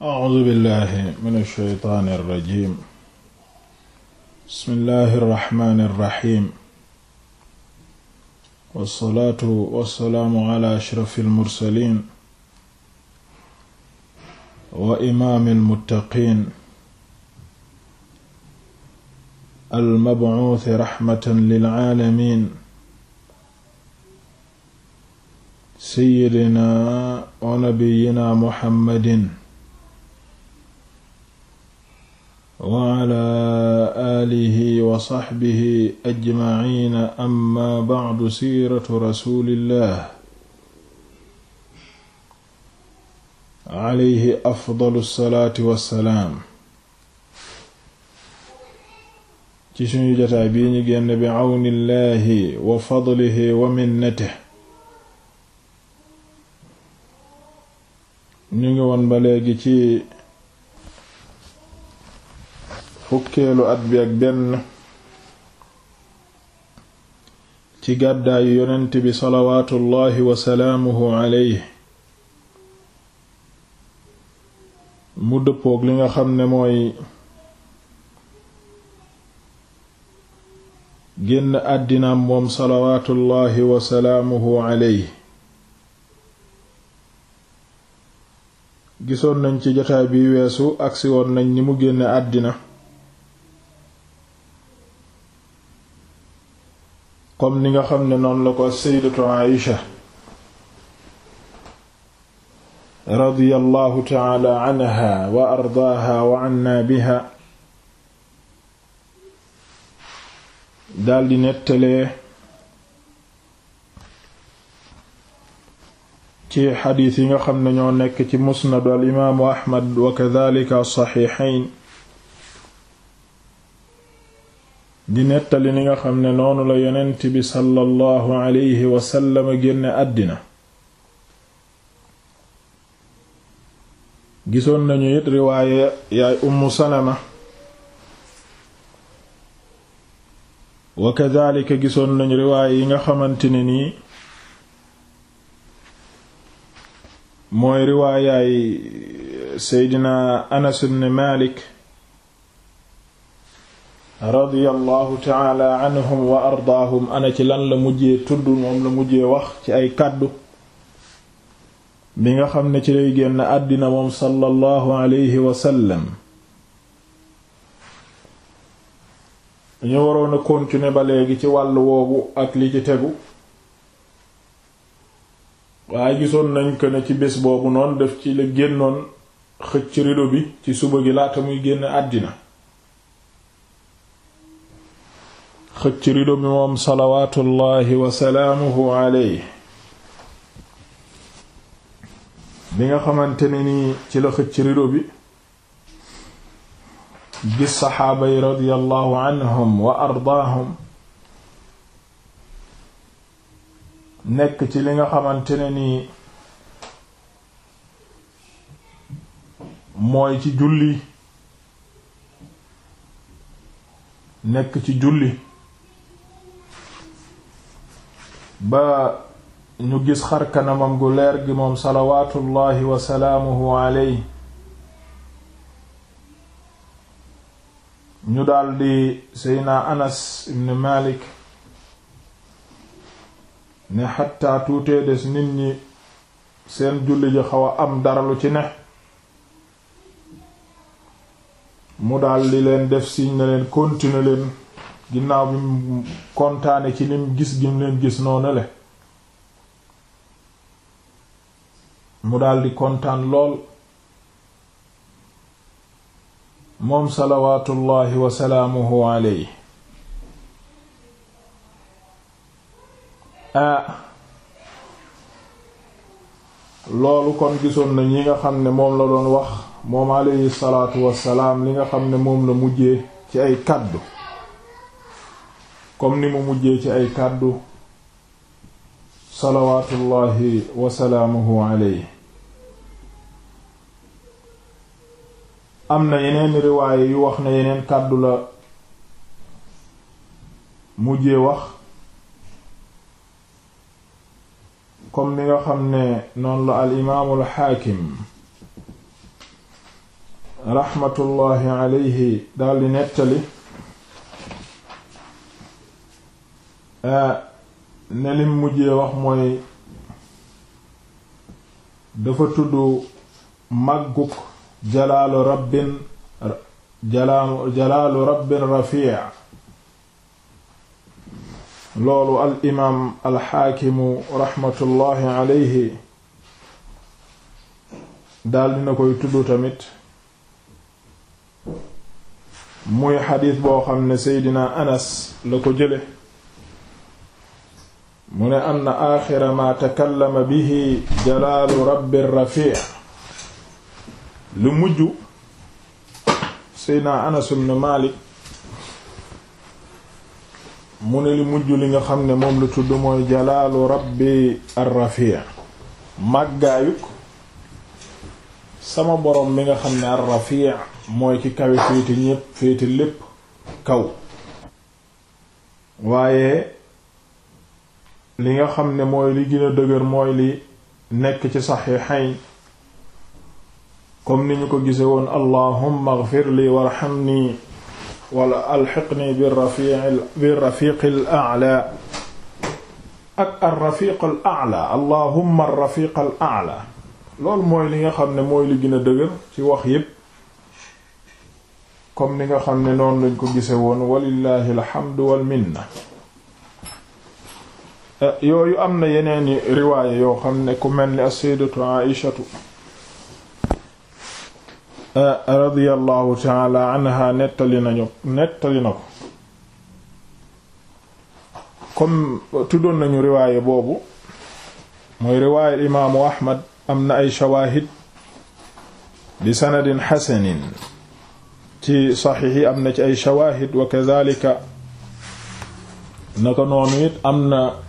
a'uuzu billahi mina shaytaani rajiim bismillahi rahmaani rahiim wassalaatu wassalaamu ala ashrafil mursaliin wa imaamil muttaqiin almabcuusi raxmatan lil caalamiin sayyidinaa wa nabiyyinaa muhammadin wa ala aalihi wa saxbihi ajmaciina amma bacdu siiratu rasuulillah alayhi afdalu salaatu wassalaam ci suñu jotaay bii ñu génn bi wa fadlihi wa minnatihi ñu ngi woon ba léegi ci fukkeelu at bi ak benn ci gàddaayu yonent bi salawaatullaahi wa salaamuhu alayhi mu dëppoog li nga xam ne mooy génn àddinaam moom salawaatullaahi wa salaamuhu alayhi gisoon nañ ci jotaay bi weesu agsi woon nañ ni mu génn àddina comme ni nga xam ne noonu la ko sayyidatu Aïsha radiyallahu ta'ala anha wa ardaaha wa anna biha daldi nettalee ci xadiis yi nga xam ne ñoo nekk ci musnadu al imaamu Ahmad wa kadhalika as-sahihayn di nettali ni nga xam ne noonu la yonent bi sallallahu alayhi wasallam génne àddina gisoon nañu it riwaaye yaay ummu salama wa kadhalika gisoon nañu riwaaye yi nga xamante ne nii mooy riwaayaay seydina anas ibn malik radiyallahu taala ana ci lan la mujje tudd moom la mujje wax ci ay kàddu bi nga xam ne ci lay génn àddina moom sallallahu alayhi wa sallam ñu waroon a continuer ba léegi ci wàll woowu ak li ci tegu waaye gisoon nañ ko ci bés boobu noon def ci la génnoon xëcc rido bi ci suba gi laata muy génn àddina xëcc rido bi moom salawaatullaahi wa salaamuhu alayhi bi nga xamante nii ci la xëcc rido bi gis saxaaba yi radiyallahu anhum wa ardaahum nekk ci li nga xamante ne mooy ci julli nekk ci julli ba ñu gis xar kanamam gu leer gi moom salawaatullahi wa salaamuhu alayhi ñu daldi seyna anas ibn malik ne xataa tuutee des nit ñi seen julli ji xaw a am daralu ci ne mu daldi leen def siñ na leen continuer leen ginnaaw bi mu kontaane ci lim gis gim leen gis noonu le mu daldi kontaan lool moom salawaatullaahi wa salaamuhu alayhi a loolu kon gisoon na ñi nga xam ne moom la doon wax moom alayhi salaatu wassalaam li nga xam ne moom la mujjee ci ay kàddu comme ni mu mujjee ci ay kàddu salawaatullahi wasalaamuhu alayhi am na yeneen riwaaye yu wax ne yeneen kàddu la mujjee wax comme ni nga xam ne noonu la al imaamul xaakim raxmatullahi alayhi daldi nettali Euh, ne lim mujjee wax mooy dafa tudd màggug jalaalu rabbin jalaalu jalaalu rabbin rafiic loolu al imaam alxaakimu raxmatullahi aleyhi daal dina koy tudd tamit muy xadiis boo xam ne seydina anas la ko jële mu ne na aaxira ma takallama bihi jalaalu rabbi rafiic lu mujj seydna anas ibn malik mu ne li mujj li nga xam ne moom lu tudd mooy jalaalu rabbi arrafiic màggaayuk sama boroom mi nga xam ne arrafiic mooy ki kawe féete ñépp féete lépp kaw waaye li nga xam ne mooy li gën dëgër mooy li nekk ci saxiixayn comme ni ñu ko gise woon allahumma ighfir li warhamni wala alxiqni birrafiqi al a'la ak arrafiq al a'la allahumma arrafiq al loolu mooy li nga xam ne mooy li gën dëgër ci wax yépp comme ni nga xam ne noonu lañ ko gise woon walillahi alhamdu wal minna Eh, yooyu am na yeneeni riwaaye yoo xam ne ku mel ni as-sayyidatu Aïshatu eh, radiyallahu taala anha nettali nañu nettali na ko comme tuddoon nañu riwaaye boobu mooy riwaaye imaamu Ahmad am na ay shawaahid bi sanadin xasanin ci saxiix yi am na ci ay shawaahid wa kadhalika naka noonu it am na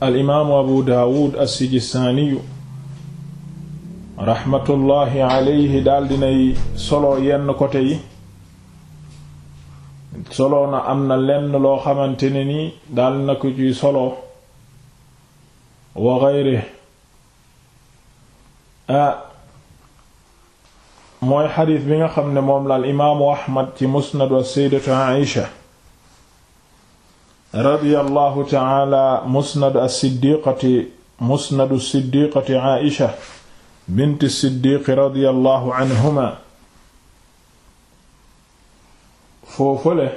al imaamu abu daawud as-sijistaaniyu raxmatullaahi aleyhi daal dinay solo yenn côté yi solo na am na lenn loo xamante ne ni daal na ko ci solo wa geyre ah mooy xadiis bi nga xam ne moom la al imaamu ahmad ci musnadu as-sayyidatu aisha radiyallahu ta'ala musnadu as-siddiqati musnadu as-siddiqati Aisha bint as-siddiq radiyallahu anhuma foofale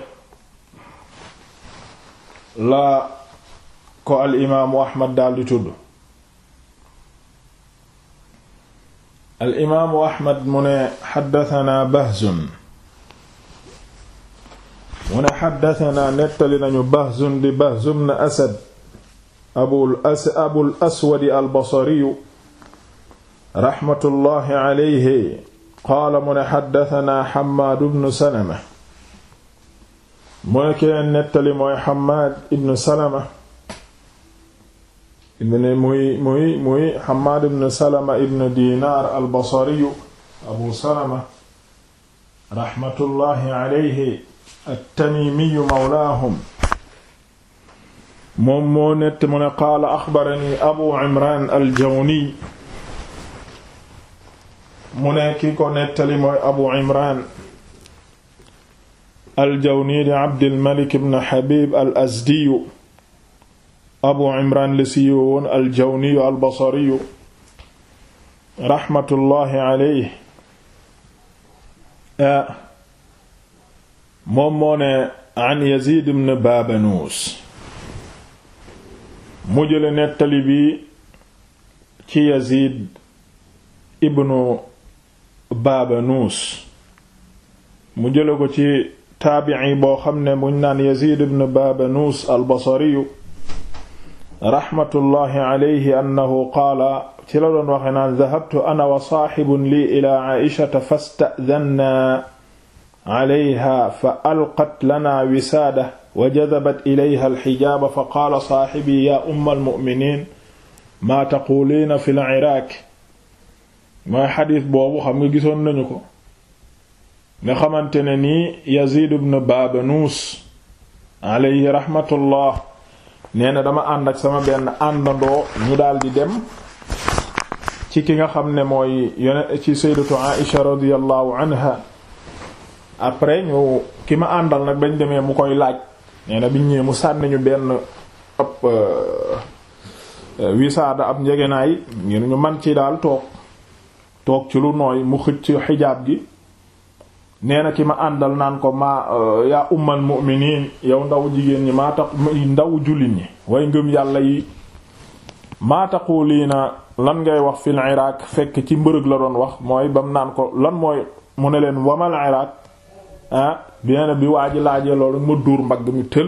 la ko al imaamu Ahmad daldi tudd al imaamu Ahmad mu ne haddathana Bahzun mu ne xaddatanaa nettali nañu bahzun di bahzum na asad abul as abul aswadi albasariyu raxmatullahi aleyhi qaala mu ne xaddatanaa xamaadu bnu salama mu ne keneen nettali mooy xamaad ibnu salama ibn muy muy muy xamaad ibnu salama ibnu dinaar albasariyu abu salama raxmatullahi aleyhi at-Tamimiyu mawlaahum moom moo nett mu ne qaala axbarani Abu Imraan al-Jawni mu ne ki ko nettali mooy Abu Imraan al-Jawni di Abdulmalik ibn Habib al-Azdiyu Abu Imraan la siiwe woon al-Jawniyu al-Basriyu raxmatullaahi alayhi moom moo ne an Yazid ibn Babanus mu jële nettali bi ci Yazid ibnu Babanus mu jële ko ci taabi'i boo xam ne muñ naan Yazid ibn Babanus al-Basriyu raxmatullahi alayhi annahu qaala ci la doon waxe naan dahabtu ana wa saaxibun lii ila Aishata fasta'dhanna alayha fa alqat lana wisaada wa jadabat ilayha alxijaaba fa qaala saaxibi yaa umma almuminin maa taquuliina fi liraaq mooy xadiis boobu xam nga gisoon nañu ko nga xamante ne nii Yaziid ibn Baabanuus alayhi raxmatullah nee na dama ànd ak sama benn àndandoo ñu daldi dem ci ki nga xam ne mooy yone ci sayyidatu Aisha radiyallahu anha après ñu ki ma àndal nag bañ demee mu koy laaj nee na biñ ñëwee mu sànni benn ab euh, wisaada ab njegenaay ngir ñu man ci daal toog toog ci lu nooy mu xëcc xijaab gi nee na ki ma àndal naan ko maa euh, yaa ummal mu'miniin yow ndaw jigéen ñi maa tax ndaw jullit ñi way ngëm yàlla yi maa taquliina lan ngay wax fil iraq fekk ci mbërëg la doon wax mooy bam naan ko lan mooy mu ne leen wamal iraq ah bien na bi waa ji laajee loolu ma dóor mbagg mi tël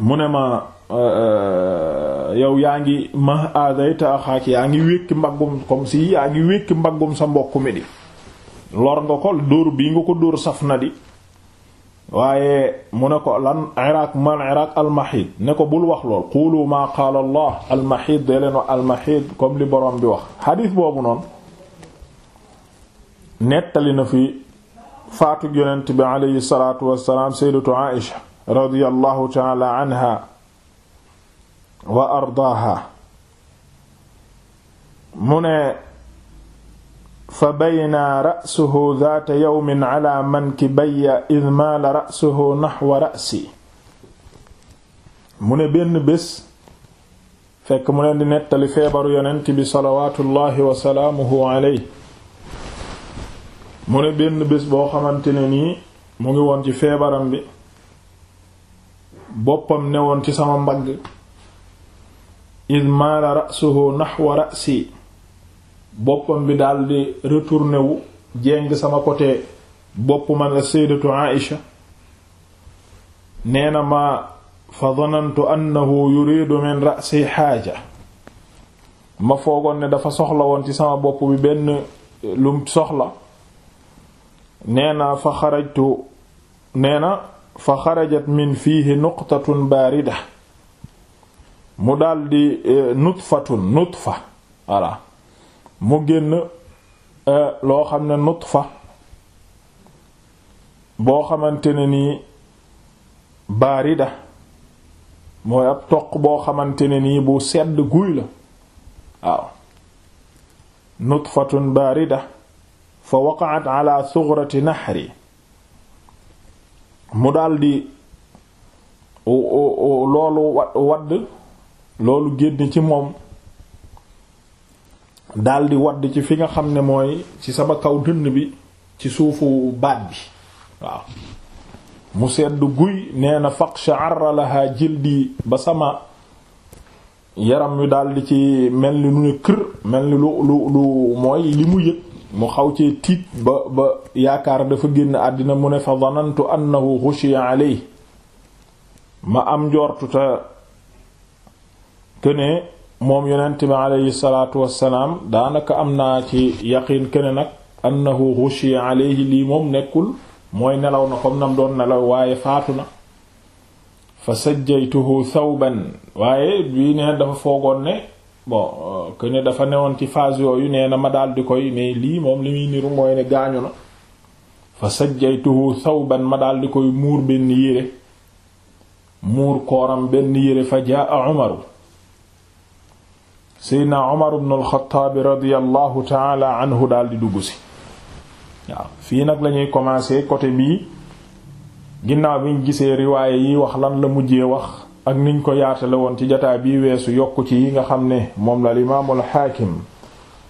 mu ne ma euh, euh, yow yaa ngi ma aadayta axaak yaa ngi wékki mbaggum comme si yaa ngi wékki mbaggum sa mbokk mi di lor nga ko dóor bii nga ko dóor saf na di waaye mu ne ko lan iraq man iraq almahid ne ko bul wax lool qulu maa qaala allah almahid day leen wax almahid comme li borom bi wax xadiis boobu noonu nettali na fi faatug yonent bi aleyhi salaatu wassalaam sayyidatu Aïsha radiyallahu ta'ala anha wa ardaaha mu ne fa baynaa ra'suhu zaata yawmin ala mankibayya id maala ra'suhu naxwa ra'si mu ne benn bés fekk mu leen di nettali feebaru yonent bi salawaatullaahi wa salaamuhu alayhi mu ne benn bés boo xamante ne nii mu ngi woon ci feebaram bi boppam ne woon ci sama mbagg id maala ra'suhu nahwa ra'si boppam bi daldi retourné wu jéng sama côté bopp man sayyidatu Aïsha nee na ma fa dhanantu annahu yuridu min ra'si xaaja ma foogoon ne dafa soxla woon ci sama bopp bi benn lu soxla nee na fa xarajtu nee na fa xarajat min fiihi nuqtatun baarida mu daldi eh, nutfatun nutfa voilà mu génn eh, loo xam ne nutfa boo xamante ne nii baarida mooy ab toq boo xamante ne nii bu sedd guy la waaw nutfatun baarida fa waqaat ala sugrati naxri mu daldi loolu wadd loolu génn ci moom daldi wadd ci fi nga xam ne mooy ci sama kaw dënn bi ci suufu baat bi waaw mu sedd guy nee na faq sha'ara laha jildi ba sama yaram wi daldi ci mel ni lu ne kër mel ni lu lu lu mooy li mu yëg mu xaw cee tiit ba ba yaakaar dafa génn àddina mu ne fa zanantu annahu xushiya ma am njortuta këne moom yonent bi aleyhi salaatu wassalaam daanaka am naa ci yaqiin këne nag annahu xushiya aleyhi lii moom nekkul mooy nelaw na comme nam doon nelaw waaye faatu na fa sajjaytuhu thawban waaye bii neen dafa foogoon ne bon euh, que ne dafa newoon ci phase yu nee na ma daal di koy mais lii moom li muy niru mooy ne gaañu na fa sajjaytuhu thawban ma daal di koy muur benn yére muur kooram benn yére fa jaa umaru seydna umar ibn alxataabi radiallahu taala anhu daal di dugg si waaw fii nag lañuy commencer côté bii ginnaaw biñ gisee riwaaye yi wax lan la mujjee wax ak niñ ko yaatale woon ci jataay bii weesu yokk ci yi nga xam ne moom la limaamul xaakim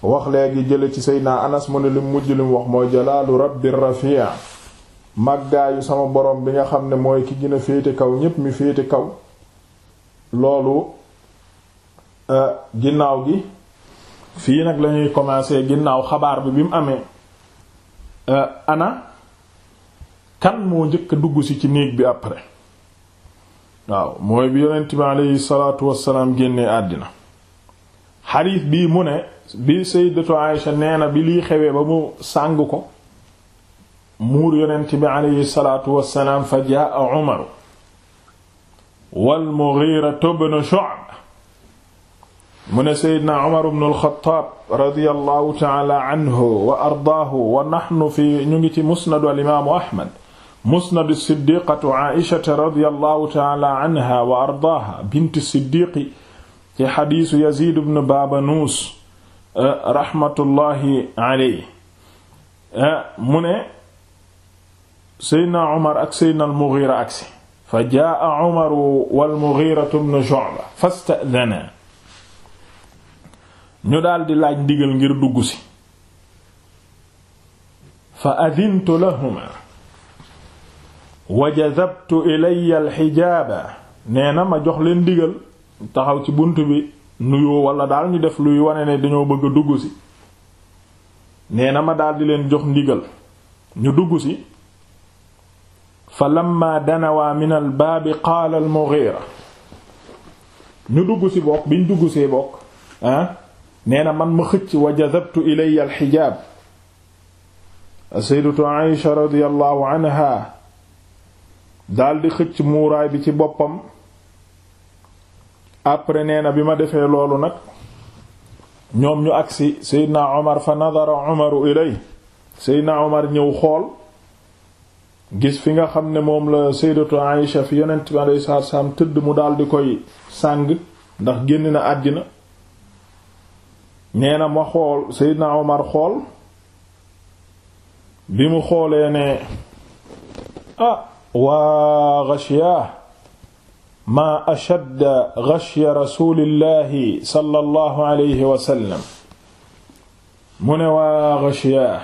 wax léegi jële ci seydna anas mu ne lim mujj lim wax mooy jalaalu rabbi rafia màggaayu sama borom bi nga xam ne mooy ki gën a féete kaw ñépp mi féete kaw loolu euh, ginnaaw gi fii nag lañuy commencer ginnaaw xabaar bi bi mu amee euh, ana kan moo njëkk dugg si ci néeg bi après waaw mooy bi yonent bi aleyhi salaatu wassalaam génnee àddina xadiis bii mu ne bi sayyidatu Aïsha nee na bi liy xewee ba mu sàng ko muur yonent bi aleyhi salaatu wassalaam fa jaa Umar wal Mughira ibn Shu'ba mu ne seydna Umar ibn al-Khattab radiyallahu ta'ala anhu wa ardaahu wa nahnu fi ñu ngi ci musnadu al imaamu Ahmad musnadu siddiqatu aishata radiyallahu taala anha wa ardaaha bint siddiqi ci xadiisu yazid bnu baabanuus eh, raxmatullahi aley eh, mu ne seydna umar ak seydna almugiira agsi fa jaa umar walmugiratu bnu shu'ba fasta'dana ñu daldi laaj ndigal ngir dugg si fa adintu lahuma wa jazabtu ilayya alxijaaba nee na ma jox leen digal taxaw ci bunt bi nuyoo wala daal ñu def luy wane ne dañoo bëgg a dugg si nee na ma daldi leen jox ndigal ñu dugg si fa lamma danawaa min al baabi qaala al ñu dugg ci bokk biñ dugg see bokk ah, nee na man ma xëcc wa jazabtu ilayya alxijaab sayyidatu Aïsha radiyallahu anha daldi xëcc muuraay bi ci boppam après nee na bi ma defee loolu nag ñoom ñu agsi seydna omar fa nadara omaru ilay seydna omar ñëw xool gis fi nga xam ne moom la sayyidatu Aïsha fi yonent bi alayhi salaatu salaam tëdd mu daldi koy sàng ndax génn na àddina nee na ma xool seydna omar xool bi mu xoolee ne ah waa ghashya maa ashadda ghashya rasulillahi sallallahu alayhi wa sallam mu ne waa ghashya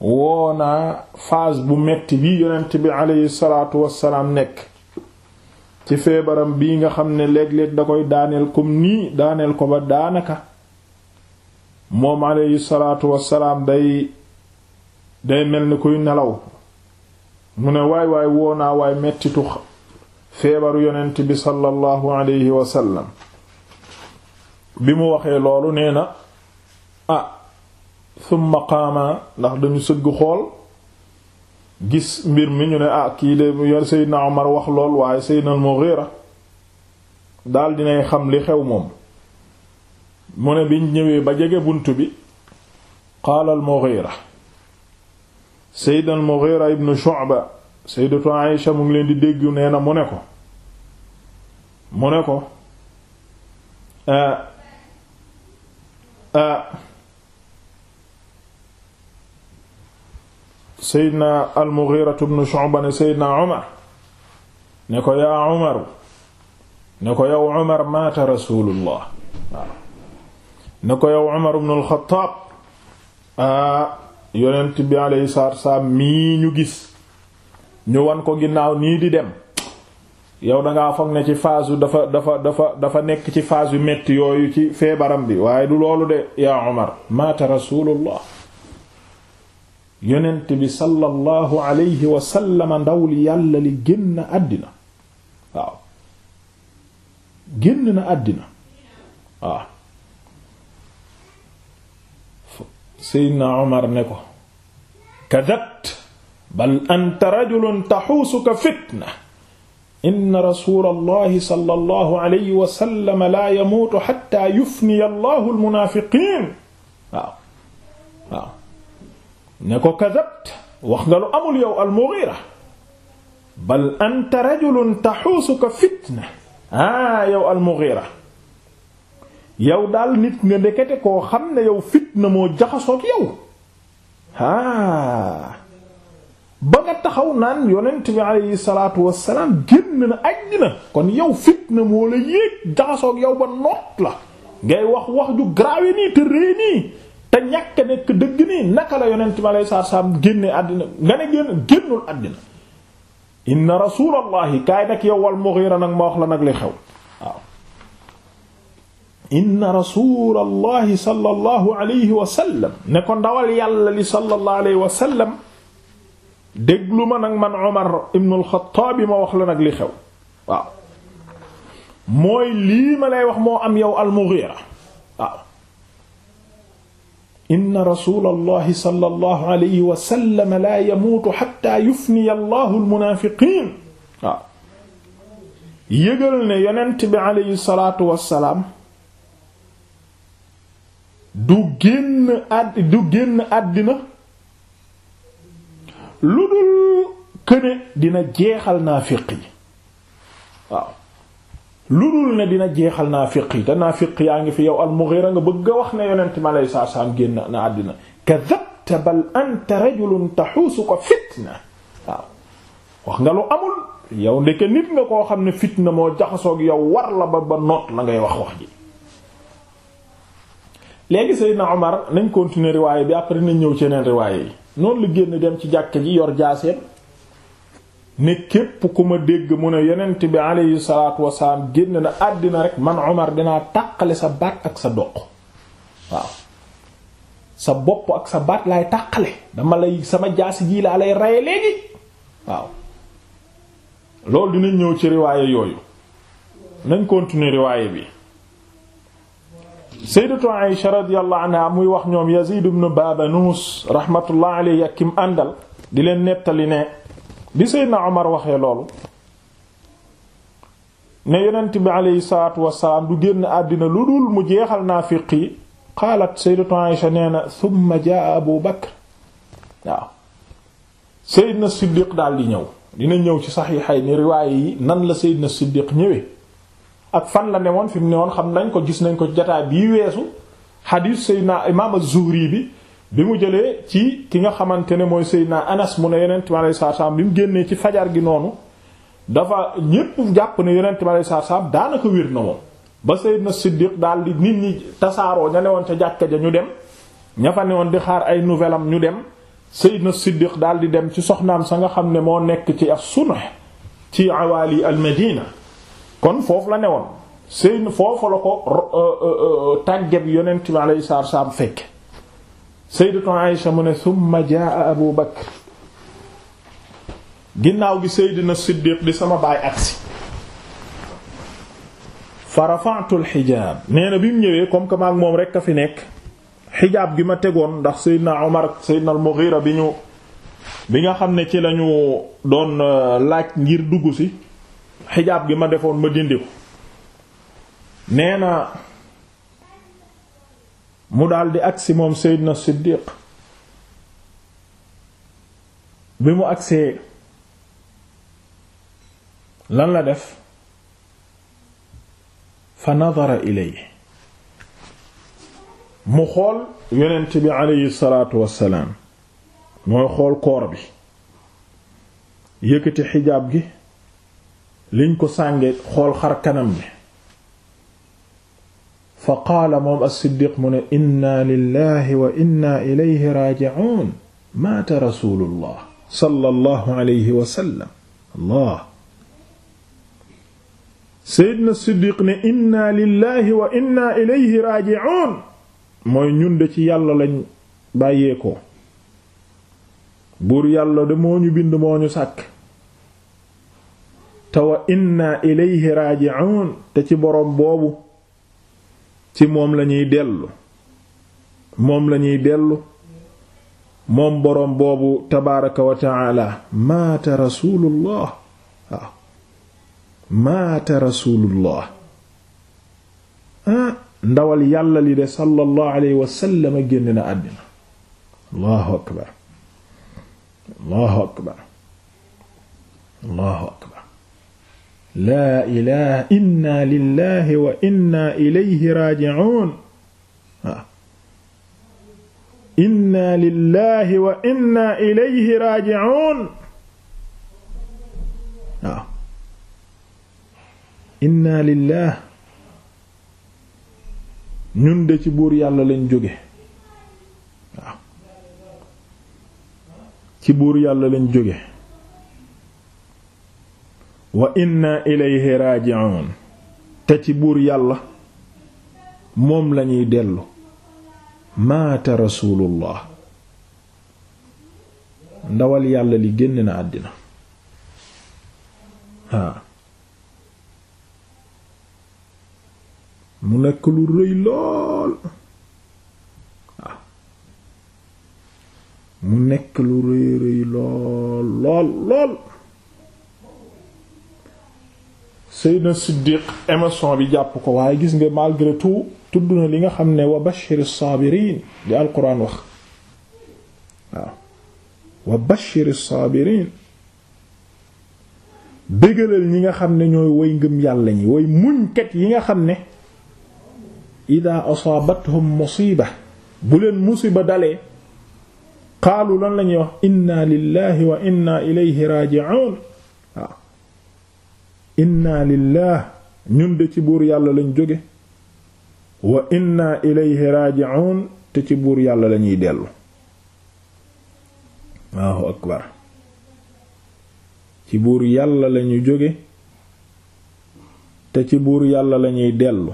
woona phase bu metti bi yonent bi alayhi salaatu nekk ci feebaram bii nga xam ne léeg-léeg da koy daaneel comme nii daaneel ko ba daanaka moom alayhi salaatu day day mel ni kuy nelaw mu ne waay waay woo naa waay mettitu feebaru yonent bi sallallahu alayhi wa sallam bi mu waxee loolu nee na ah summa qaama ndax dañu sëgg xool gis mbir mi ñu ne a ah, kii de yor Seydina wax lool waaye Seydina al-Mughira daal dinay xam li xew moom mu ne biñ ñëwee ba jege bunt bi qaala al-Mughira Seydina al-Mughira ibn Shu'ba Sayyidatu Aïsha mu ngi leen di dégg nee na mu ne ko mu ne ko euh, euh, Seydina al-Mughira ibn Shu'ba ne Seydina Umar ne ko yaa Umar ne ko yow Umar maata Rasulullah ne ko yow Umar ibn al-Khattab euh, yonent bi alayhi salaatu wassalaam mii ñu gis ñu wan ko ginnaaw nii di dem yow dangaa foog ne ci phase yu dafa dafa dafa nekk ci phase yu metti yooyu ci feebaram bi waaye du loolu de yaa Umar maata rasulullah yonent bi sallallahu alayhi wa sallama ndaw li yàlla li génn àddina waaw génn na àddina waaw Seydina Omar ne ko kadat bal anta rajulun taxuusuka fitna inna rasulallahi sallallahu alayhi wa sallam la yamuutu hatta yufniya allahu almunaafiqiin waaw waaw ne ko kadabt wax nga lu amul yow al-Mughira bal anta rajulun taxuusuka fitna ah yow al-Mughira yow daal nit nga ndekete koo xam ne yow fitna moo jaxasoog yow ah ba nga taxaw naan yonent bi alayhi salaatu wassalaam génn na kon yow fitna moo la yéeg jaxasoog yow ba noot la ngay wax wax ju graawe nii te rëy nii te ñàkk nekk dëgg nii naka la yonent bi alayhi salaatu wassalaam génne àddina nga ne génn génnul àddina inna rasulallahi kaay nag yow wal Mughira nag ma wax la nag li xew waaw inna rasulallahi sallallahu alayhi wa sallam ne ko ndawal yàlla li sallallahu alayhi wa sallam déglu man Omar ibn al ma wax la nag li xew waaw mooy lii ma lay wax moo am yow al-Mughira waaw inna rasulallahi sallallahu alayhi la yamuutu hatta yufniya Allahu al-munaafiqiin waaw yëgal ne yonent bi alayhi salaatu wa salaam du génn àdd du àddina lu dul këne dina jeexal naafiq yi waaw lu dul ne dina jeexal naafiq yi te naafiq yaa ngi fi yow al-Mughira nga bëgg a wax ne yonent mi alayhi salaatu salaam génn na àddina kadhabta bal anta rajulun ko fitna waaw wax nga lu amul yow ndeke nit nga koo xam ne fitna moo jaxasoog yow war la ba ba noot la ngay wax wax ji léegi Seydina Omar nañ continuer riwaaye bi après nañ ñëw ci yeneen riwaaye yi noonu la génn dem ci jàkk ji yor jaaseem ne képp ku ma dégg mu ne yonent bi aleyhi salaatu wasalaam génn na àddina rek man Omar dinaa tàqale sa baat ak sa doq waaw sa bopp ak sa baat laay tàqale dama lay sama jaasi jii laa lay raye léegi waaw loolu dinañ ñëw ci riwaaye yooyu nañ continuer riwaaye bi sayyidatu Aïsha radiyallahu anha muy wax ñoom Yazid ibn Babanus rahmatullah alayhi ak kim àndal di leen nettali ne bi sayyidna Omar waxee loolu ne yonent bi alayhi salaatu wasalaam du génn àddina lu dul mu jeexal naafiq yi qaalat sayyidatu Aïsha nee na thumma jaa Abu Bakr waaw sayyidna Siddiq daal di ñëw dina ñëw ci saxiixa yi ni riwaaya yi nan la sayyidna Siddiq ñëwee ak fan la newoon fi mu newoon xam nañ ko gis nañ ko jataay bii weesu xadiis Seydina imaam az-Zuhri bi bi mu jëlee ci ki nga xamante ne mooy Seydina Anas mu ne yonent mi alayhi salaatu bi mu génnee ci fajar gi noonu dafa ñépp jàpp ne yonent mi alayhi salaatu salaam daanaka wér na moom ba Seydina Siddiq daal di nit ñi tasaaroo ña newoon ca jàkka ja ñu dem ña fa newoon di xaar ay nouvelle ñu dem Seydina Siddiq daal di dem ci soxnaam sa nga xam ne moo nekk ci as-Sunh ci awaali al-Madina kon foofu la newoon sëyn foofu la ko euh, euh, euh, tàgget yonent bi alayhi salaatu wa salaam fekke sayyidatu Aïsha mu ne thumma jaa Abu Bakr ginnaaw gi sayyidina Siddiq di sama baay agsi fa rafa'tu al-hijaab bi mu ñëwee comme que maag moom rekk a fi nekk xijaab gi ma tegoon ndax Seydina Omar ak Seydina al-Mughira bi ñu bi nga xam ne ci lañu doon laaj ngir dugg si xijaab gi ma defoon ma dindi ko nee na mu daldi agsi moom Seydina Siddiq bi mu agsee lan la def fa nadara ilayhi mu xool yonent bi aleyhi salaatu wassalaam mooy xool koor bi yëkkati xijaab gi liñ ko sànge xool xar kanam bi fa qaala moom as-siddiq mu ne inna lillahi wa inna ilayhi raaji'uun maata rasulullah allah seydna siddiq ne inna lillahi wa inna ilayhi raaji'uun mooy ñun de ci yàlla lañ bàyyeekoo buur yàlla de moo ñu bind moo ñu sàkk te wa inna ilayhi raaji'uun te ci boroom boobu ci moom lañuy dellu moom lañuy dellu moom boroom boobu tabaaraka wa ta'aala maata rasuulullah ah, ndawal yàlla li de sallallahu alayhi wa sallam génn na àddina allahu akbar laa ilaha inna lillahi wa inna ilayhi raaji'uun inna lillahi wa inna ilayhi raaji'uun inna lillah ñun de ci buur yàlla lañ jóge ci buur yàlla lañ jóge wa inna ilayhi raaji'un te ci buur yàlla moom lañuy dellu maata rasulullah ndawal yàlla li génn na àddina waaw mu nekk lu rëy lool mu nekk lu rëy rëy lool lool Seydina Siddiq émotion bi jàpp ko waaye gis nga malgré tout tudd na li nga xam ne wa bashir saabiriin di alquran wax waaw wa bashir saabiriin ñi nga xam ne ñooy way yàlla ñi way muñkat yi nga xam ne ida asaabathum musiba bu leen musiba dalee qaalu lan lañuy wax inna lillahi wa inna ilayhi raaji'uun inna lillah ñun de ci buur yàlla lañ jóge wa inna ilayhi te ci buur yàlla lañuy dellu waaw akbar ci buur yàlla lañu jóge te ci buur yàlla lañuy dellu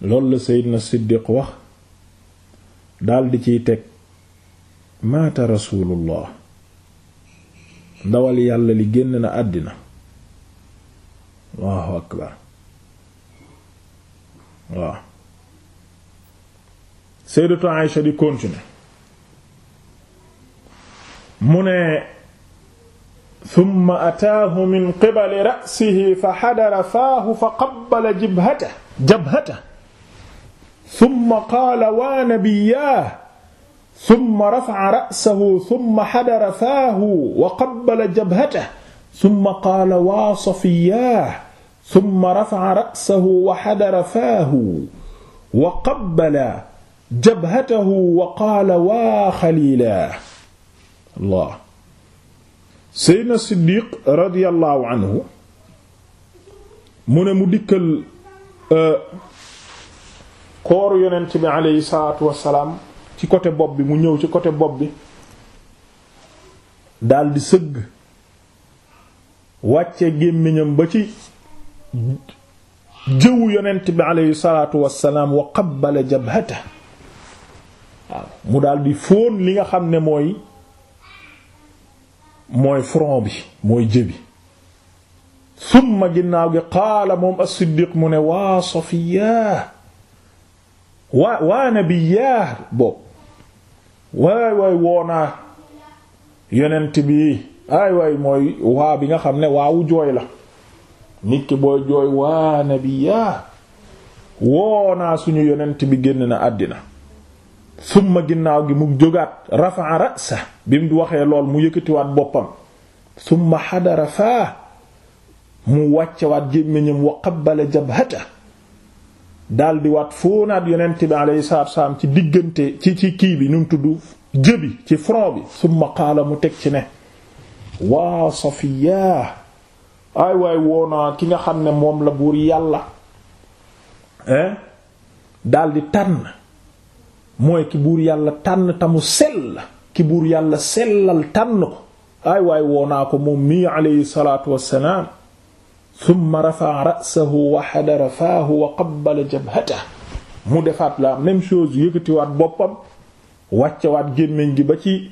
loolu la seydina siddiq wax daldi ciy teg maata rasulullah ndawal yàlla li génn na àddina allahu akbar waaw sayyidatu Aïsha di continuer mu ne thumma ataahu min qibali ra'sihi fa hadara faahu fa qabbala jibhatahu jabhatahu thumma qaala wa nabiyyaah thumma rafa'a ra'sahu thumma hadara faahu wa qabbala jabhatahu thumma qaala wa safiyyaah summa rafa'a ra'sahu wa hadara faahu wa qabbala jabhatahu wa qaala waa xaliila Allah Seydina Siddiq radiyallahu anhu mu ne mu dikkal euh, kooru yonent bi aleyhi salaatu wasalaam ci côté bopp bi mu ñëw ci côté bopp bi daldi sëgg wàcce gémmiñam ba ci jëwu yonent bi aleyhi salaatu wassalaam wa qabbala waaw mu daal li nga xam ne mooy mooy bi mooy jëbi ginnaaw gi qaala moom as mu ne waa Safiya waa waa Nabiya boobu waay woonaa yonent bi ay waay mooy waa bi nga xam ne waawu jooy la nit ki booy jooy waa nabiya woo naa suñu yonent bi génn na àddina summa ginnaaw gi mu jógaat rafa'a ra'sa bi mu waxee lool mu yëkkatiwaat boppam summa xadara faa mu wàccewaat gémmiñam wa qabbala jabhata daldi waat foonaat yonent bi alayhi salaatu wassalaam ci diggante ci ci kii bi nu mu tudd bi ci front bi summa qaala mu teg ci ne waa safiya ay waay woona ki nga xam ne moom la buur yàlla hein daldi tànn mooy ki buur yàlla tànn tamu sell ki buur yàlla sellal tànn ko ay waay woonaa ko moom mii alayhi salaatu wassalaam thumma rafaa ra'sahu wa hadara faahu wa qabbala jabhata mu defaat la même chose yëkkatiwaat boppam wàccewaat gémmiñ gi ba ci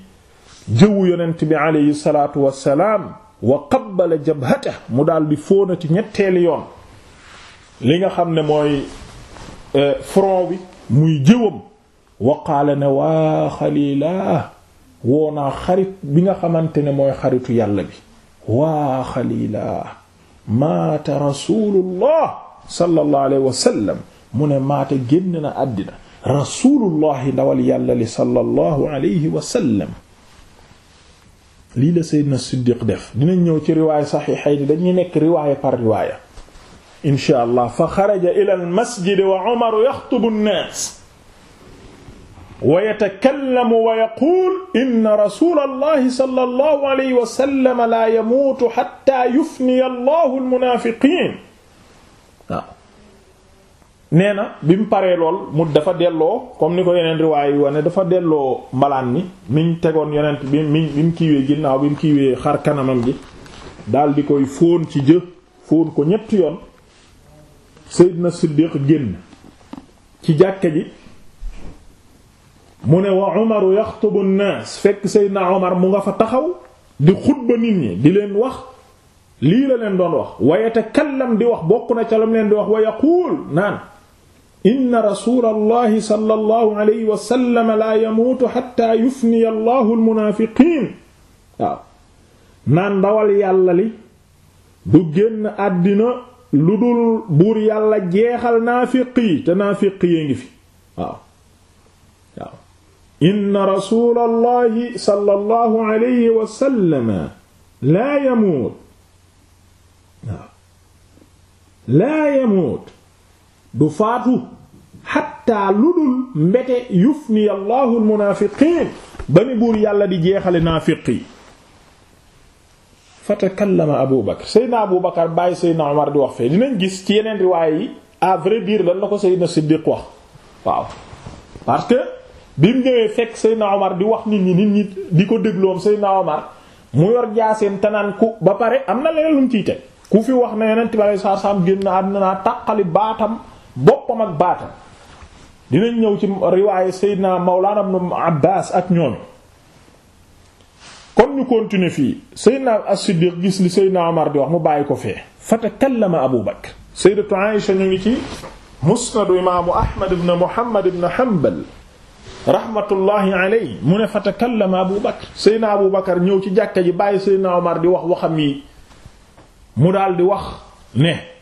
jëwu yonent bi alayhi salaatu wassalaam wa qabbala jabhata mu daal di fóonati ñetteeli yoon li nga xam ne mooy e, front bi muy jëwam wa qaala ne waa xalilaa woo naa xarit bi nga xamante ne mooy xaritu yàlla bi waa xalilaa maata rasulullah sallallahu alayhi wa mu ne maata génn na àddina rasulullahi ndawal yàlla li sallallahu alayhi wa lii la Seydina Siddiq def dinañ ñëw ci riwaaya saxiixay ni dañuy nekk riwaaya par riwaaya insha allah fa xaraja ila al masjid wa Umar yaxtubu an-naas wa yatakallamu wa yaquul inna rasuulallahi sallallahu alayhi wa sallam laa yamuutu hattaa yufniya allahu al munaafiqiin nee na bi mu paree lool mu dafa delloo comme ni ko yeneen riwaay yi wane dafa delloo mbalaan ni miñ tegoon yonent bi mi bi mu kiiwee ginnaaw bi mu kiiwee xar kanamam gi daal di koy fóon ci jë fóon ko ñetti yoon Seydina Siddiq génn ci jàkke ji mu ne wa Umaru yaxtubu an-naas fekk Seydina Umar mu nga fa taxaw di xutba nit ñi di leen wax lii la leen doon wax wa yatakallam di wax bokk na ca lam leen di wax wa yaquul naan inna rasulallahi sallallahu alayhi wa sallam laa yamuutu xatta yufniya allahu almunaafiqiin waaw naan ndawal yàlla li du génn àddina lu dul buur yàlla jeexal naafiq yi te naafiq yee ngi fi waaw waaw inna rasulallahi sallallahu alayhi wa sallam laa yamuut waaw laa yamuut du faatu xatta lu dul mbete yufni allahu ba ni buur yàlla di jeexale naafiq yi fa takallama abu bakar seydna abu bakar bàyyi seydna omar di wax fee dinañ gis ci yeneen riwaay yi à vrai dire lan la ko seydna siddiq wax waaw parce que bi mu ñëwee fekk seydna omar di wax nit ñi nit ñi di ko dégloom seydna omar mu yor jaaseem tanaan ba pare am na leneen lu mu ku fi wax na yonent bi sallallahu alayhi wasallam génn àddina naa baatam boppam ak baatam dina ñëw ci riwaaye Seydina Mawlana ibn Abbas ak ñoom kon ñu continuer fii Seydina as-Siddiq gis li Seydina Omar di wax mu bàyyi ko fee fa takallama Abu Bakr Sayyidatu Aïsha ñu ngi ci musnadu imaamu Ahmad ibn Muhammad ibn Hanbal rahmatullahi alayhi mu ne Seydina Abu Bakr ñëw ci jàkka ji bàyyi Seydina Omar di wax waxam yi mu daal di wax ne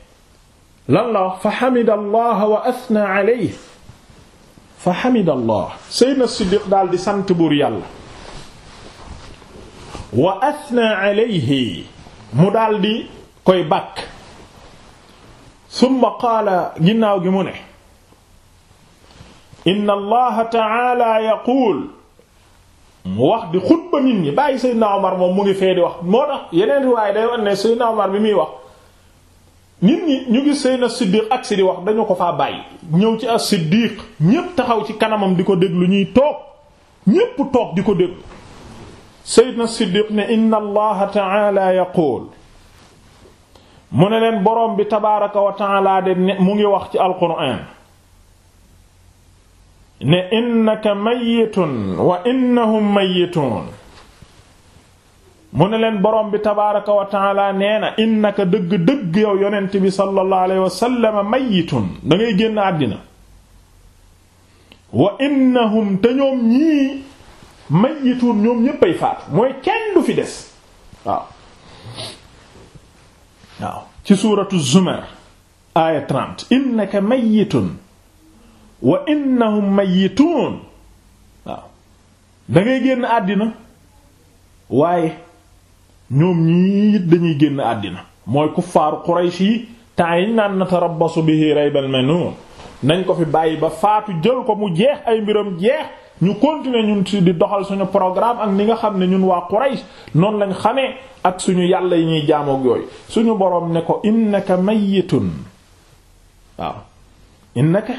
lan la wax fa xamida allah wa athna alayhi sant buur yàlla wa athna alayhi mu daldi di koy bàkk summa qaala ginnaaw gi mu ne inna allaha taala yaquul mu wax di xutba nit ñi bàyyi Seydina Omar moom mu ngi fee di wax moo tax yeneen riwaay day wan ne Seydina Omar bi muy wax nit ñi ñu ngi Seydina Siddiq ak si di wax dañu ko fa bàyyi ñëw ci as Siddiq ñépp taxaw ci kanamam di ko déglu ñuy toog ñépp toog di ko déglu Seydina Siddiq ne inna allaha ta'ala yaqul mu ne leen borom bi tabaaraka wa ta'ala de ne mu ngi wax ci alquran ne innaka mayyitun wa innahum mayyitun mu ne leen borom bi tabaaraka wa taala nee na innaka dëgg-dëgg yow yonent bi sallallahu alayhi wa sallam mayitun da ngay génn àddina wa suuratu zumar aaya 30 innaka génn àddina waaye ñoom ñii dañuy génn àddina mooy kuffaaru Quraysh yi temps yi naan natarabbasu bihi raybal manuun nañ ko fi bàyyi ba faatu jël ko mu jeex ay mbiram jeex ñu continuer ñun ci di doxal suñu programme ak ni nga xam ne ñun waa Quraysh noonu lañ xamee ak suñu yàlla yi ñuy jaamook yooyu suñu boroom ne ko innaka mayyitun waaw innaka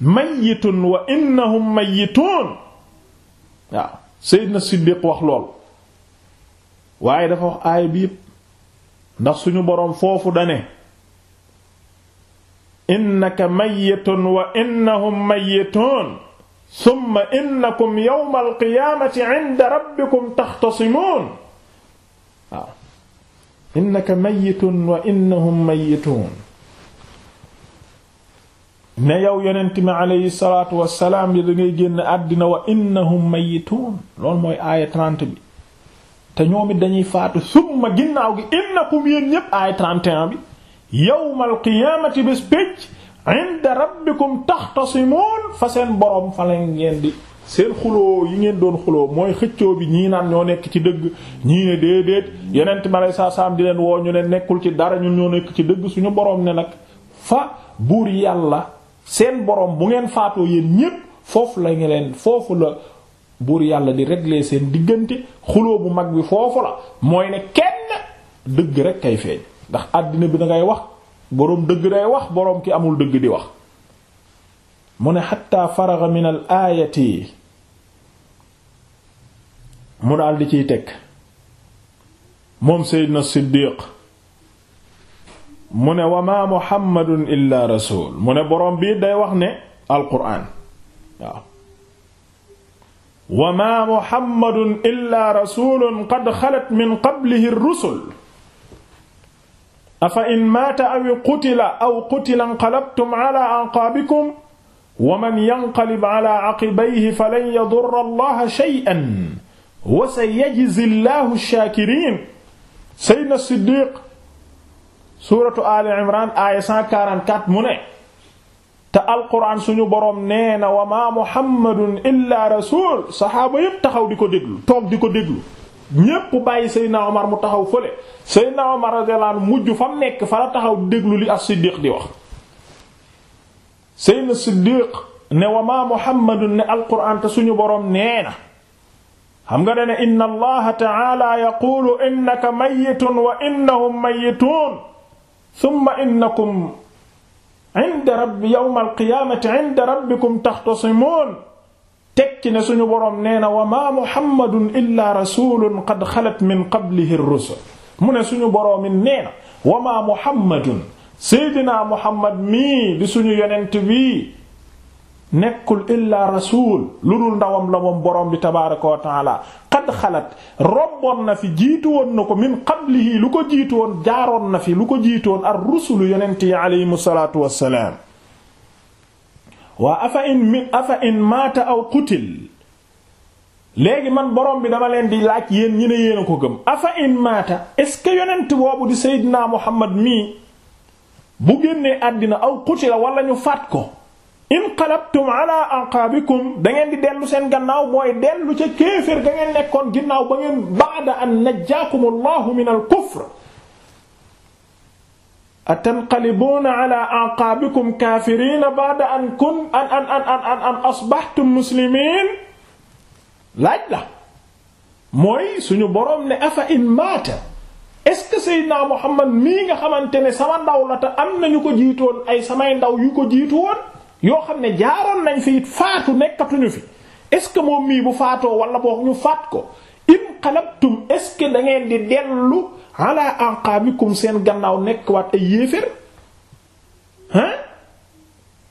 mayyitun wa innahum mayyitun waaw Sayyidna Siddiq wax lool waaye dafa wax aaya bi ndax suñu boroom foofu dane innaka mayyitun wa innahum mayyitun summa innakum yawmal qiyaamati inda rabbikum taxtasimuun waaw innaka wa innahum mayyitun ne yow yonent mi aleyhi salaatu yi da ngay génn àddina wa innahum mayyitun loolu mooy te ñoom it dañuy faatu summa ginnaaw gi innakum yéen ñépp ay 31 bi yawmal qiyaamati bés pécc inda rabbikum taxtasimoon fa seen boroom fa la ngeen di seen xuloo yi ngeen doon xuloo mooy xëccoo bi ñii naan ñoo nekk ci dëgg ñii ne déedéet yenent ma lay saa saam di leen woo ñu ne nekkul ci dara ñun ñoo nekk ci dëgg suñu boroom ne nag fa buur yàlla seen boroom bu ngeen faatoo yéen ñépp foofu la ngeen leen foofu la buur yàlla di régler seen diggante xuloo bu mag bi foofu la mooy ne kenn dëgg rekk kay feeñ ndax àddina bi dangay wax boroom dëgg day wax boroom ki amul dëgg di wax mu ne xatta faraga min al mu dal di ciy teg moom seydna siddiq mu ne wa maa muhammadun illa rasul mu ne boroom bii day wax ne al quraan waaw wa maa muhammadun illaa rasuulun qad xalat min qablihi rusul afa in maata aw qutila aw qutila inqalabtum ala anqaabikum wa man yanqalib ala aqibayhi falan yadurra allaha shay'an wa sayajzi allahu shaakiriin sayyidina siddiq suuratu ali imran aaya 144 mu ne te alquran suñu borom nee na wa ma muhammadun illa rasul saxaaba yépp taxaw di ko déglu toog di ko déglu ñépp bàyyi Seydina Omar mu taxaw fële Seydina Omar radiyallahu anhu mujj fa mu nekk fa la taxaw di déglu li as-Siddiq di wax Seydina Siddiq ne wa ma muhammadun ne alquran te suñu borom nee na xam nga ne inna allaha ta'ala yaqulu innaka mayyitun wa innahum mayyitun thumma innakum inda rabbi yawma alqiyaamati inda rabbikum taxtasimoon tekki ne suñu boroom nee na wa maa muhammadun illaa rasulun qad xalat min qablihi rusul mu ne suñu boroomi nee na wa maa muhammadun seydinaa muhammad mii di suñu yonent bi nekkul illaa rasul lu dul ndawam la borom bi tabaaraka wa taala qad xalat romboon na fi jiitu woon na ko min qablihi lu ko jiitu woon jaaroon na fi lu ko jiitu woon ar rusulu yonent yi aleyhimu salaatu wassalaam waa afa in maata aw qutil léegi man borom bi dama leen di laaj yéen ñi ne yéen ko gëm afa in maata est-ce que yonent boobu di seydinaa muhammad mii bu génnee àddina aw qutila walla ñu fat ko inqalabtum ala aqabikum da di dellu seen gannaaw mooy dellu ca kéefër ga ngeen nekkoon ginnaaw ba ngeen ba'da an najjaakum allahu min al kufr atanqalibuuna ala aqabikum kaafiriina ba'da an kun an an an an an asbahtum muslimiin laaj la mooy suñu boroom ne afa in maata est-ce que nga xamante ne sama ndaw la te am nañu ko jiitoon ay samay ndaw yu ko jiitu yoo xam ne jaaroon nañ fi it faatu nekkatuñu fi est-ce que moom mii bu faatoo wala boog ñu faat ko inqalabtum est-ce que di dellu ala anqabikum seen gannaaw nekk waat ay yéefér ah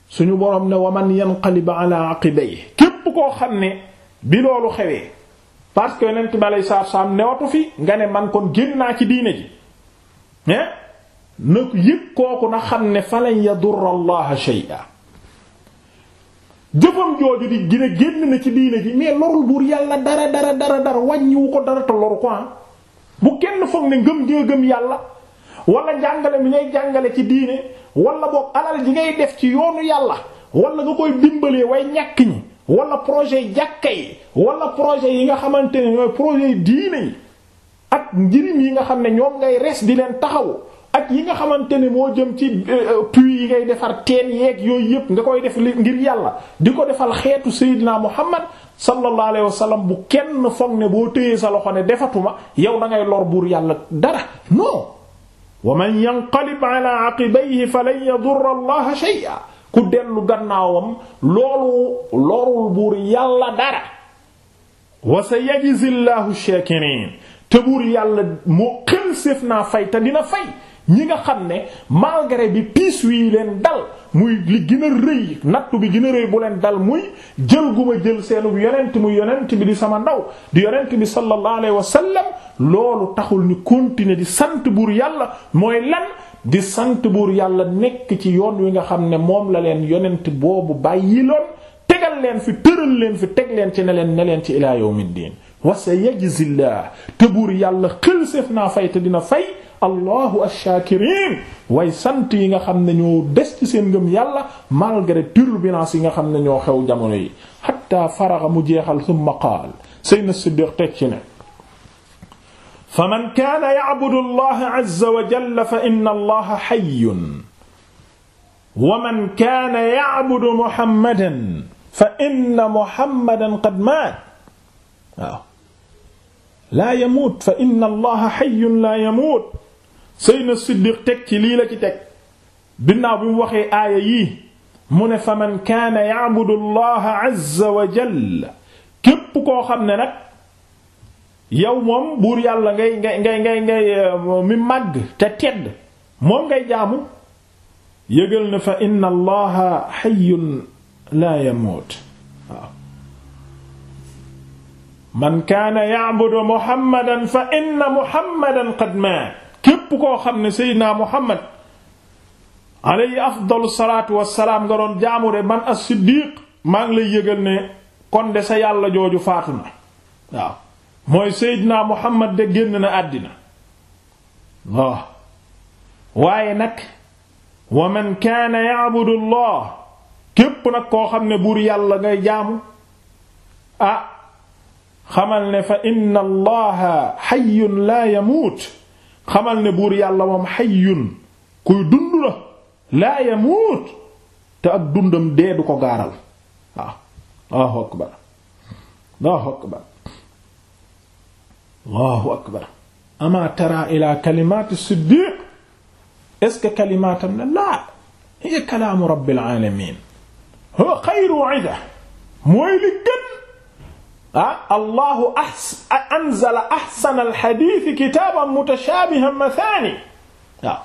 suñu boroom ne waman yanqalib ala aqibayhi képp koo xam ne bi loolu xewee parce que yonent bi newatu fi nga ne man kon génn naa ci diine ji ah na yëg kooku na xam ne falan yadurra allaha shay'a jëfam jooju di gën génn na ci diine ji mais lorul buur yàlla dara dara dara dara wàññiwu ko dara te loru ko ah bu kenn foog ne ngëm gee gëm yàlla wala jàngale mi ngay jàngale ci diine walla boog alal ji ngay def ci yoonu yàlla wala nga koy dimbalee way ñàkk ñi wala projet jàkka yi wala projet yi nga xamante ne ñooy projet diine yi ak njirim yi nga xam ne ñoom ngay res di leen taxawu yi nga xamante ne moo jëm ci euh, puits yi ngay defar teen yeeg yooyu yëpp nga koy def ngir yàlla di ko defal xeetu Seydina Muhammad sallallahu alayhi wasallam bu kenn foog ne boo téyee sa loxo ne defatuma yow da ngay lor buur yàlla dara non wa man yanqalib ala gannaawam loolu yàlla dara wa sa yajzi llahu shakirin te buur yàlla moo xel séef naa fay te dina fay ñi nga xam ne malgré bi piis wii leen dal muy li gën a rëy nattu bi gën a rëy bu leen dal muy jël gu ma jël seenu yonent mu yonent bi di sama ndaw di yonent bi sallallahu alayhi wa sallam loolu taxul ñu continuer di sant buur yàlla mooy lan di sant buur yàlla nekk ci yoon wi nga xam ne moom la leen yonent boobu bàyyi loon tegal leen fi tëral leen fi teg leen ci ne leen ne leen ci ilaa yawmiddin wa sayajzillah te buur yàlla xëlséef naa fay te dina fay allahu ash-shakirin way sant yi nga xam ne ñoo des ci seen ngëm yàlla malgré turbulence yi nga xam ne ñoo xew jamono yi hatta faraga mu jeexal thumma qaal sayyidina Siddiq teg ci ne fa man kaana ya'budu allaha azza wa jalla fa inna allaha hayyun wa man kaana ya'budu muhammadan fa inna muhammadan qad maat waaw laa yamuut fa inna allaha hayyun laa yamuut Seydina Siddiq teg ci lii la ci teg binnaaw bi mu waxee aaya yii mu ne fa man kaana ya'budu allaha azza wa jalla képp koo xam ne nag yow moom buur yàlla ngay ngay ngay ngay ngay euh, mi màgg te tedd moom ngay jaamu yëgal na fa inna allaha hayyun laa yamuut man kaana ya'budu muhammadan fa inna muhammadan qad maat képp koo xam ne seydinaa muhammad alayhi afdalu salaatu wassalaam nga doon jaamu de man as-siddiq maa ngi lay yëgal ne kon de sa yàlla jooju faatu na waaw mooy seydinaa muhammad de génn na àddina waaye nag wa man kaana ya'budu allah képp nag koo xam ne buur yàlla ngay jaamu ah xamal ne fa inna allaha hayyun la yamut xamal ne buur yàlla moom hayyun kuy dund la laa yamuut te ak dundam dee du ko gaaral waaw Allahu akbar Allahu akbar Allahu akbar ama tara ila kalimati siddiq est-ce que kalimaatam ne laa hiya kalaamu rabbil alamin huwa xayru ida mooy li gën ah allahu ahs anzala ahsana alxadiisi kitaaban mutashaabihan masaani waaw ah,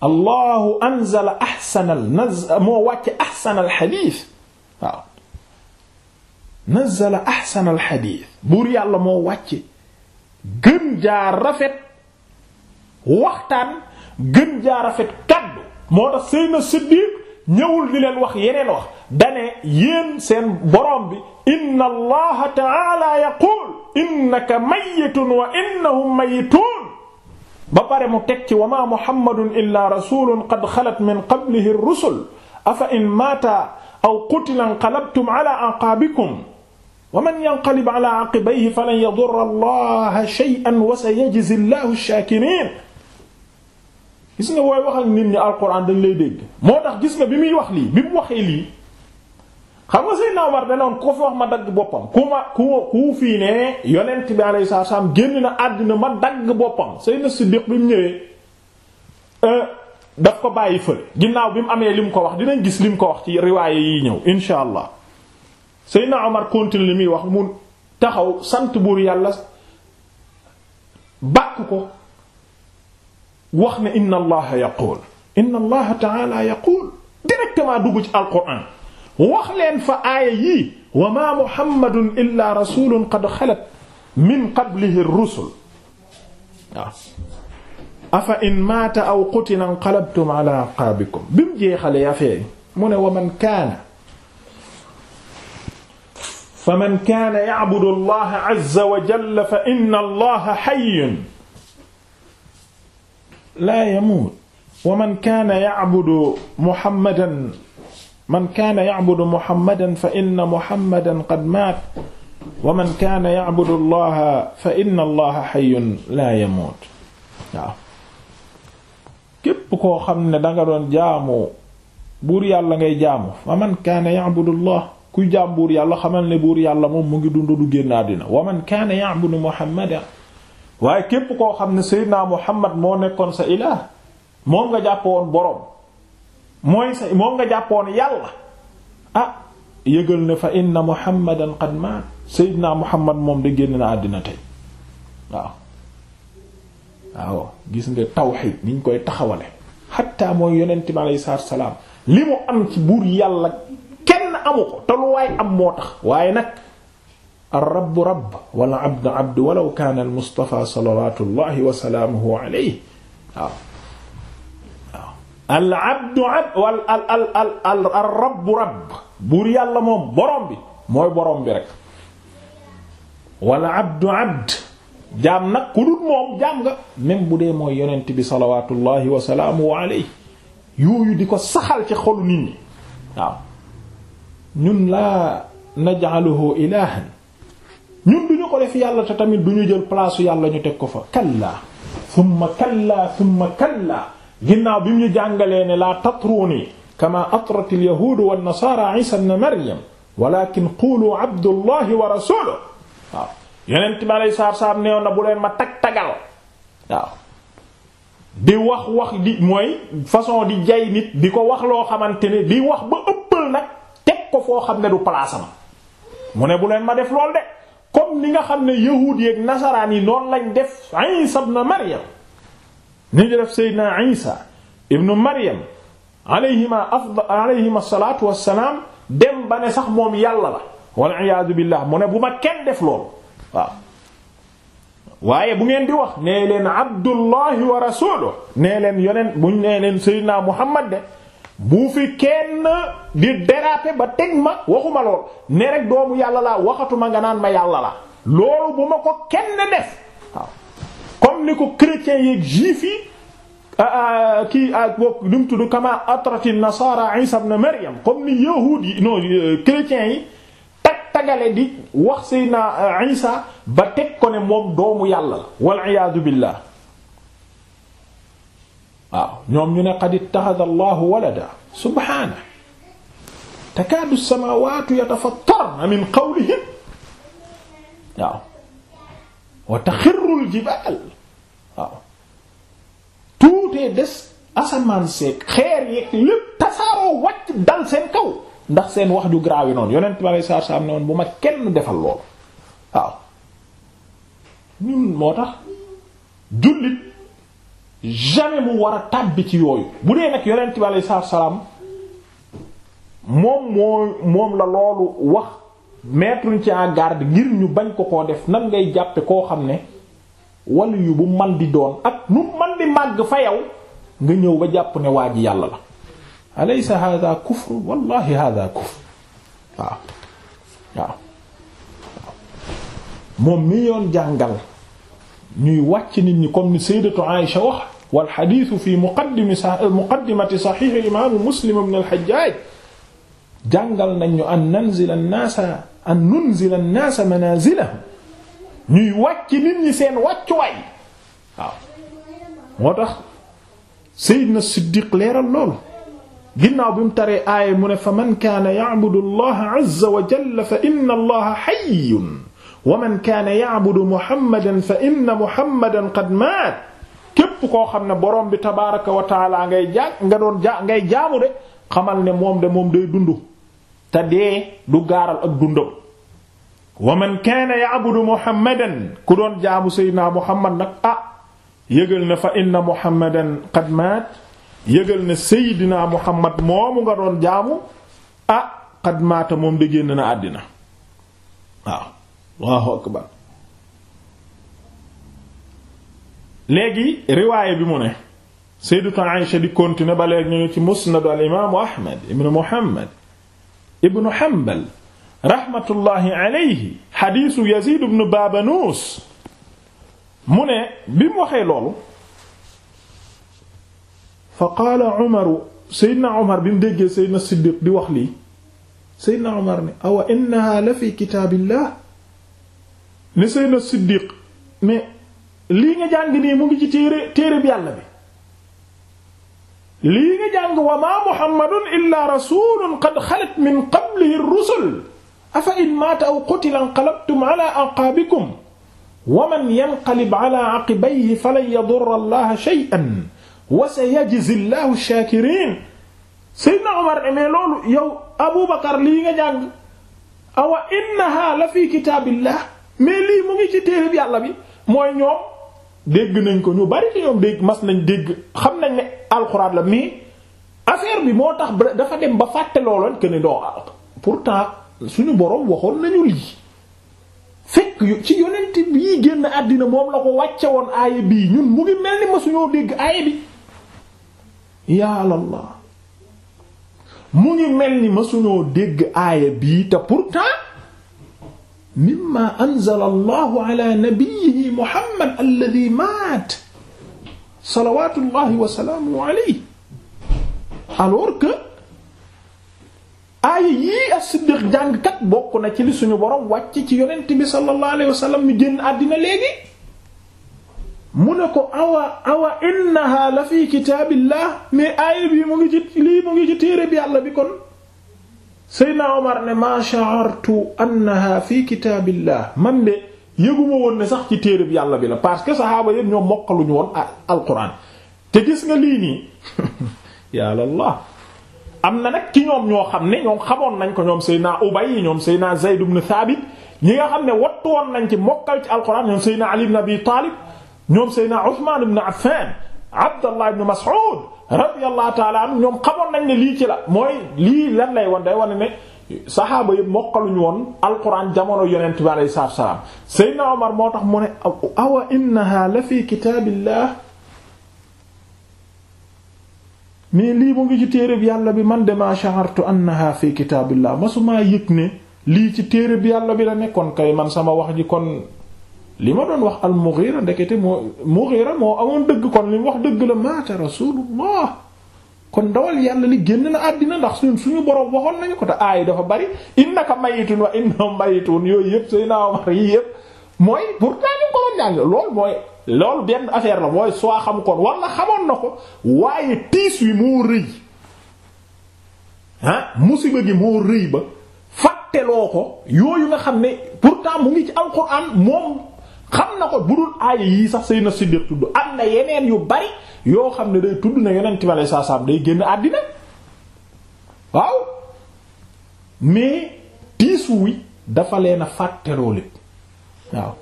allahu anzala ahsana naz moo wàcce ahsana alxadiis waaw ah, nazala ahsana alxadiis buur yàlla moo wàcce gën jaa rafet waxtaan gën jaa rafet kaddu moo tax Seydina Siddiq ñëwul di leen wax yeneen wax dane yéen seen borom bi inna allaha ta'ala yaqul innaka mayyitun wa innahum mayyitun ba pare mu teg ci wa ma muhammadun illa rasulun qad xalat min qablihi ar-rusul afa in mata aw qutila inqalabtum ala aqabikum wa man yanqalib ala aqibayhi falan yadurra allaha shay'an wa sayajzi allahu ash-shakirin gis nga booy wax ak nit ñi alxuraan dañ lay dégg moo tax gis nga bi muy wax lii bi mu waxee lii xam nga Seydina Omar danoon ku ko fi wax ma dagg boppam ku ma ku ku fii ne yonent bi alayhi salaam génn na àdduna ma dagg boppam Seydina Siddiq bi mu ñëwee euh, daf ko bàyyi fële ginnaaw bi mu amee li mu ko wax dinañ gis li mu ko wax ci riwaaye yi ñëw insha allah Seydina Omar continue li muy wax mu taxaw sant buur yàlla bàkk ko wax ne inna allaha yaqul inna allaha ta'ala yaqul directement dugg ci alquran wax leen fa aaya yii wa ma muhammadun illa rasulun qad xalat min qablihi ar-rusul waaw afa in maata aw qutila inqalabtum ala aqaabikum bi mu jeexalee affaire mu ne wa man kaana fa man kaana ya'budu allaha azza wa jalla fa inna allaha hayyun laa yamuut wa man kaana ya'budu muhammadan man kaana ya'budu muhammadan fa inna muhammadan qad maat wa man kaana ya'budu allaha fa inna allaha laa yamuut waaw képp koo xam ne danga doon jaamu buur yàlla ngay jaamu wa man kaana ya'budu allah kuy jaam buur yàlla xamal ne buur yàlla moom mu ngi dund du génn àddina wa man kaana ya'budu muhammadan waaye képp koo xam ne Seydina Muhammad moo nekkoon sa ilah moom nga jàppoon boroom mooy sa moom nga jàppoon yàlla ah yëgal ne fa inna Muhammadan qad maat Seydina Muhammad moom de génn na àddina tey waaw waaw gis nga tawxiid niñ koy taxawale xatta mooy yonent mu am ci buur yàlla kenn amu ko te am moo tax waaye nag ar-rabb rabb wal abd abd walaw kaana al-Mustafa salawaatullahi wa salaamuhu alayhi waaw waaw al-abdu abd wal al al al al ar-rabb rabb buur yàlla moom borom bi mooy borom bi rek wal abdu abd jaam nag ku dul moom jaam nga même bu dee mooy yonent bi salawaatullahi wa salaamuhu alayhi yooyu di ko saxal ci xolu nit ñi waaw ñun laa naj'aluhu ilaahan ñun du ñu ko def yàlla te tamit du ñu jël place yàlla ñu teg ko fa kallaa summa kallaa summa kallaa ginnaaw bi mu ñu jàngalee ne laa tatruuni kama atrat al yahuud wa nasaara isa ibn maryam walakin qulu abdullahi wa rasuluhu waaw yonent ma lay saar saar neew na bu leen ma tag tagal waaw di wax wax di mooy façon di jay nit di ko wax loo xamante ne di wax ba ëppal nag teg ko foo xam ne du palaasam mu ne bu leen ma def lool de comme ni nga xam ne yahuud yeek nasaraan yi noonu lañ def Isa ibn Maryam ni ñu def Seydina Isa ibn Maryam alayhima afdal alayhima salaatu wassalaam dem ba ne sax moom yàlla wal iyaadu billah mu ne bu ma kenn def loolu waaw waaye bu ngeen di wax nee leen abdullahi wa rasuluhu nee leen yoneen buñ nee leen Seydina Muhammad de bu fi kenn di déraper ba teg ma waxuma lool ne rek doomu yàlla la waxatuma nga naan ma yàlla la loolu bu ma ko kenn def waaw comme ni ko chrétiens yeeg juifs yi kii ak bokk lu mu tudd kama atrati nasara isa ibn maryam comme ni yahuud yi non euh, chrétiens yi tag tagale di wax sayna isa ba teg ko ne moom doomu yàlla la wal iyaadu billah waaw ñoom ñu ne qad ittaxada allahu walada subhaana takaadu samaawaatu yatafattarna min qawlihim waaw wa taxirru aljibaal waaw tuutee des asamaan seek xeer yeeg lépp tasaaroo wàcc dal seen kaw ndax seen wax ju garaaw yi noonu yonent ma lay saar saam ne woon bu ma kenn defal loolu waaw ñun moo tax jullit jamais mu war a tàbbi ci yooyu bu dee nag yonent bi alayhi salaatu moom moo moom la loolu wax mettre ci en garde ngir ñu bañ ko koo def nan ngay jàppe koo xam ne walla yu bu man di doon ak nu man di màgg fa yow nga ñëw ba jàpp ne waa ji yàlla la alaysa hada kufr wallahi hada kufr waaw waaw moom mi yoon jàngal ñuy wàcc nit ñi comme ni sayyidatu Aïsha wax wal xadiisu fi muqaddimi muqaddimati saxiix imaamu muslim ibn al-Hajjaaj jàngal nañ ñu an nanzila an-naasa an nunzila an-naasa manaazilahum ñuy wàcc nit ñi seen wàccuwaay waaw moo tax Seydina Siddiq leeral loolu ginnaaw bi mu taree aaya mu ne fa man kaana ya'budu Allaha azza wa jalla fa inna Allaha hayyun wa man kaana ya'budu muhammadan fa inna muhammadan qad maat képp koo xam ne borom bi tabaaraka wa ngay jaa nga doon jaamu de xamal ne moom de moom day dundu te dee du gaaral ak dundam wa man kaana ya'budu muhammadan ku doon jaamu seydinaa muhammad nag ah yëgal na fa inna muhammadan qad maat yëgal na seydinaa muhammad moomu nga doon jaamu ah qad maata moom de génn na àddina waaw allahu akbar léegi riwaayé bi mu ne sayyidatu Aïsha di continuer ba léegi ñu ci musnad al imaamu Ahmad ibn Muhammad ibn Hanbal rahmatullahi alayhi xadiisu Yazid ibn Babanus mu ne bi mu waxee loolu fa qaala Umaru Seydina Umar bi mu déggee Seydina Siddiq di wax lii Seydina Umar ne awa innaha la fi kitaabillah ne Seydina Siddiq mais lii nga jàng nii mu ngi ci téere téere bi yàlla bi lii nga jàng wa maa Muhammadun illaa rasuulun qad xalat min qablihi rusul afa in maata aw qutila inqalabtum ala aqaabikum wa man yanqalib ala aqibayhi falan yadurra allaha shay'an wa sayajzi llahu shaakiriin Seydina Omar amee loolu yow Abubakar lii nga jàng awa innaha la fi kitaabillah mais lii mu ngi ci téereb yàlla bi mooy ñoom dégg nañ ko ñu bari ci ñoom dégg mas nañ dégg xam nañ ne alxuraan la mais affaire bi moo tax dafa dem ba fàtte looloon que ne ah, pour temps suñu boroom waxoon nañu lii fekk ci yonent yi génn àddina moom la ko wàcce woon aaya bii ñun mu ngi mel ni ma suñoo dégg aaya bi yàlla mu ngi mel ni ma suñoo dégg aaya bii te pourtant mimma anzala allahu ala nabiyihi muhammad alladi maat salawatullahi wa salaamuhu alayhi alors que aaya yii as-Siddiq jàngkat bokk na ci li suñu borom wàcc ci yonent bi sallallahu alayhi wa mi génn àddina léegi mu ne ko awa awa innaha la fi kitaabillah mais aaya bii mu ngi ci ngi ci téere bi yàlla bi kon Seydina Omar ne ma sha'artu annaha fi kitaabillah man de yëguma woon ne sax ci bi yàlla bi la parce que saxaaba yépp ñoom mokkaluñu woon alquran te gis nga lii nii yàlla allah am na nag ci ñoom ñoo xam ne ñoom xamoon nañ ko ñoom Seydina Ubay ñoom Seydina Zayd ibn Thabit ñi nga xam ne wattu woon nañ ci mokkal ci alquran ñoom Seydina Ali ibn Abi Talib ñoom Seydina Uthman ibn Affan Abdallah ibn Mas'ud radiyallahu ta'ala anhu ñoom xamoon nañ ne lii ci la mooy lii lan lay won day wane ne saxaaba yëpp mokkaluñu woon alquran jamono yonent bi alayhi salaatu salaam Seydina Omar moo tax mu ne awa innaha la fi kitaabillah mais lii mu ci téere bi yàlla bi man de ma sha'artu annaha fi yëg ne lii ci téere bi yàlla bi la nekkoon kay man sama wax ji kon li ma doon wax al-Mughira ndekete moo Mughira moo amoon dëgg kon li mu wax dëgg la maata rasulullah kon ndawal yàlla li génn na àddina ndax suñu suñu borom waxoon nañu ko te aay dafa bari innaka mayitun wa innahum mayitun yooyu yëpp say naa wax yii yëpp mooy pourtant ñu ko doon benn affaire la mooy soo xamu kon war na na ko waaye tiis wi moo rëy ah musiba gi moo rëy ba fàtteloo ko yooyu nga xam ne pourtant mu ngi ci alxuraan moom xam na ko bu dul aaya yii sax say na Siddiq tudd am na yeneen yu bari yoo xam ne day tudd na yonent bi aleyhi salaam day génn àddina waaw mais tiisu wi dafa leen a fàtteloo waaw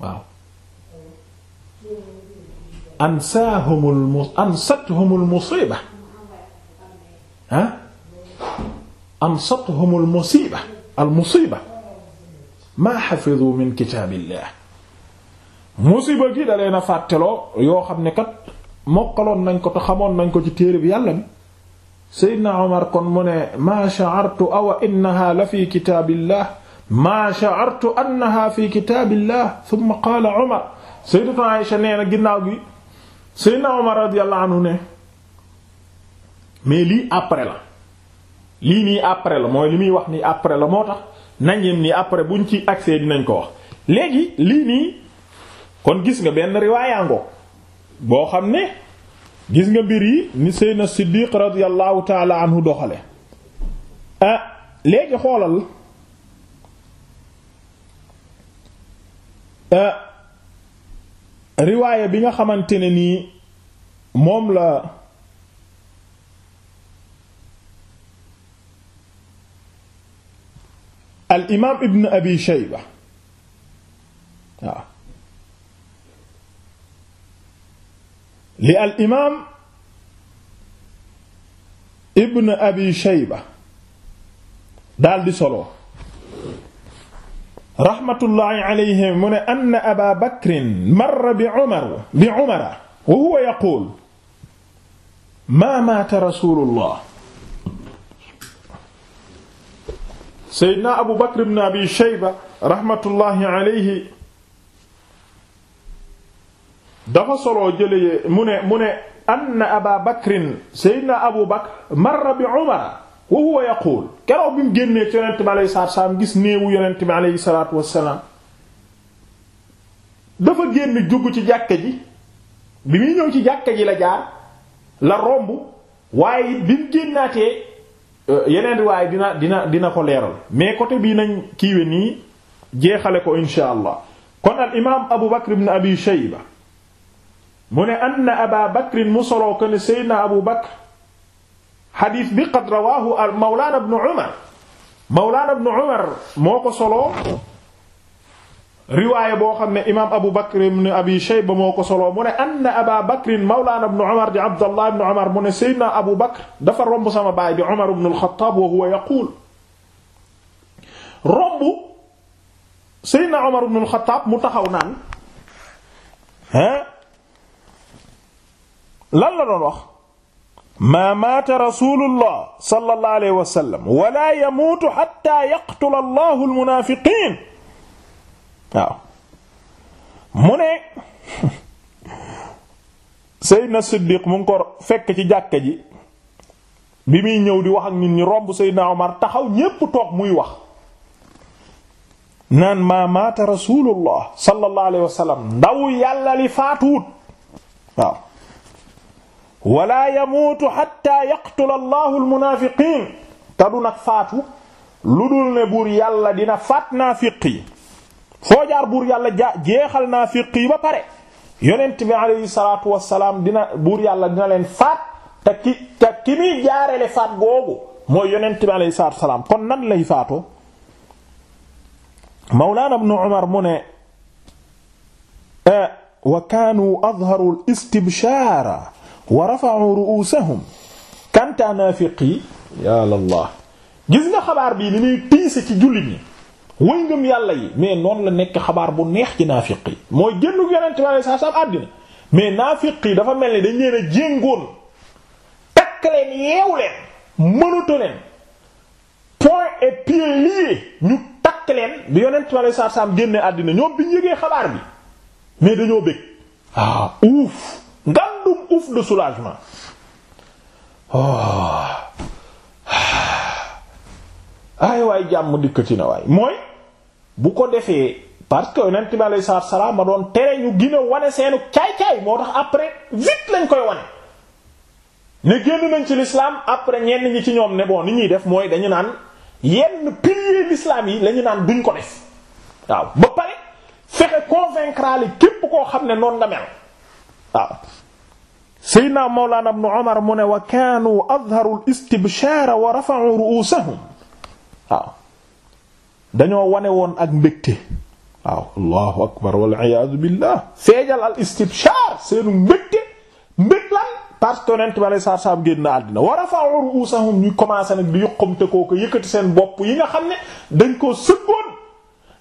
waaw ansaahumul mu ansatuhumul musiba ha amsathum al musiba al musiba maa xafidu min musiba gi da leen a fàtteloo yoo xam ne kat mokkaloon nañ ko te xamoon nañ ko ci téere bi yàlla bi seydna omar kon mu ne maa awa innaha la fi kitaabillah maa sha'artu annaha fi kitaabillah thumma qaala omar sayyidatu Aisha nee na ginnaaw gi seydna omar radiyallahu lii nii après la mooy li muy wax nii après la moo tax nañ yem nii après buñ ci accès dinañ ko wax léegi lii nii kon gis nga benn riwaayaango boo xam ne gis nga mbir yi ni Seydina Siddiq radiyallahu taala anhu doxale ah léegi xoolal ah, riwaaya bi nga xamante ne nii moom la al imaam ibn abi shayba waaw li al imaam ibn abi shayba daldi solo raxmatullaahi alayhi mu ne anna aba bakrin marra bi umar bi umara wa huwa yaquul maa maata rasuulullah Seydina Abu Bakr ibn Abi Shayba rahmatullahi alayhi dafa soloo jëlee mu ne mu ne anna Aba Bakrin Seydina Abu Bakr marra bi Umar wa huwa yaqul keroog bi mu génnee ci yonent bi alayhi gis néewu yonent bi alayhi dafa génn jugg ci jàkka ji bi muy ñëw ci jàkka ji la jaar la romb waaye bi mu génnaatee Euh, yeneen riwaay dina dina dina ko leeral mais côté bii nañ kiiwe nii jeexale ko insha allah kon al imaam abu bakr ibn abi shayba mu ne anna aba bakrin mu solo ko ne seydna abu bakr xadiis bi qad rawaahu mawlaana ibn umar mawlaana ibn umar moo ko soloo riwaaya boo xam ne imaam Abu Bakr ibn Abi Shayba moo ko soloo mu ne anna Aba Bakr mawlaana ibn Umar di Abdallah ibn Umar mu ne Seydina Abu Bakr dafa romb sama baay di Umar ibn al-Khattab wa huwa yaquul romb Seydina Umar ibn al-Khattab mu taxaw naan ah lan la doon wax maa maata rasuulullah sallallahu alayhi wa sallam wa laa yamuutu hattaa yaqtula Allahu al-munaafiqiin waaw mu ne Seydina Siddiq mu ko fekk ci jàkka ji bi muy ñëw di wax ak nit ñi romb Seydina Omar taxaw ñépp toog muy wax naan maa maata rasulullah sallallahu alayhi wasallam ndaw yàlla li faatuwut waaw wala yamuutu xatta yaqtula allahu almunaafiqiin te du nag faatu lu dul ne buur yàlla dina faat naafiq yi foo jaar buur yàlla ja jeexal naa fiq ba pare yonent bi alayhi salaatu wassalaam dina buur yàlla dina leen faat te ki te ki muy jaarele faat googu mooy yonent bi alayhi salaatu wassalaam kon nan lay faatoo mawlaana ibnu umar mu ne wa kaanu adharu al istibshaara wa rafa'u ru'uusahum kanta naafiqi ya Allah gis nga xabaar bii ni muy tiise ci jullit ñi way ngëm yàlla yi mais noonu la nekk xabaar bu neex ci naafiq yi mooy génnu yonent bi alayhi salaam àddina mais naafiq yi dafa mel ni dañ leen a jéngoon takk leen yeew leen mënuta leen point et pied lié ñu takk leen bi yonent bi alayhi salaam génne àddina ñoom bi ñu yëgee xabaar bi mais dañoo bëgg ah ouf ngandum de soulagement oh. ay jàmm dikkati na waay mooy bu ko defee parce que yonent bi alayhi salaam ma doon tere ñu gën a wane seenu caay-caay moo tax après vite lañ koy wane ne génn nañ ci l'islam après ñenn ñi ci ñoom ne bon ni ñuy def mooy dañu naan yenn piliers l'islam yi lañu naan duñ ko def waaw ba pare fexe convaincre képp koo xam ne noonu nga mel waaw seydna mawlana ibn Umar mu ne wa kaanu azharu al-istibshar wa rafa'u ru'usahum waaw dañoo wane woon ak mbégte waaw allahu akbar wal iyaadu billah feejal al istibshar seenu mbégte mbég lan parce que yonent bi alei satu salaam génn na àddina wa rafa'u ru'usahum ñu commencé nag di yuqamte koo ko yëkkati seen bopp yi nga xam ne dañ koo sëggoon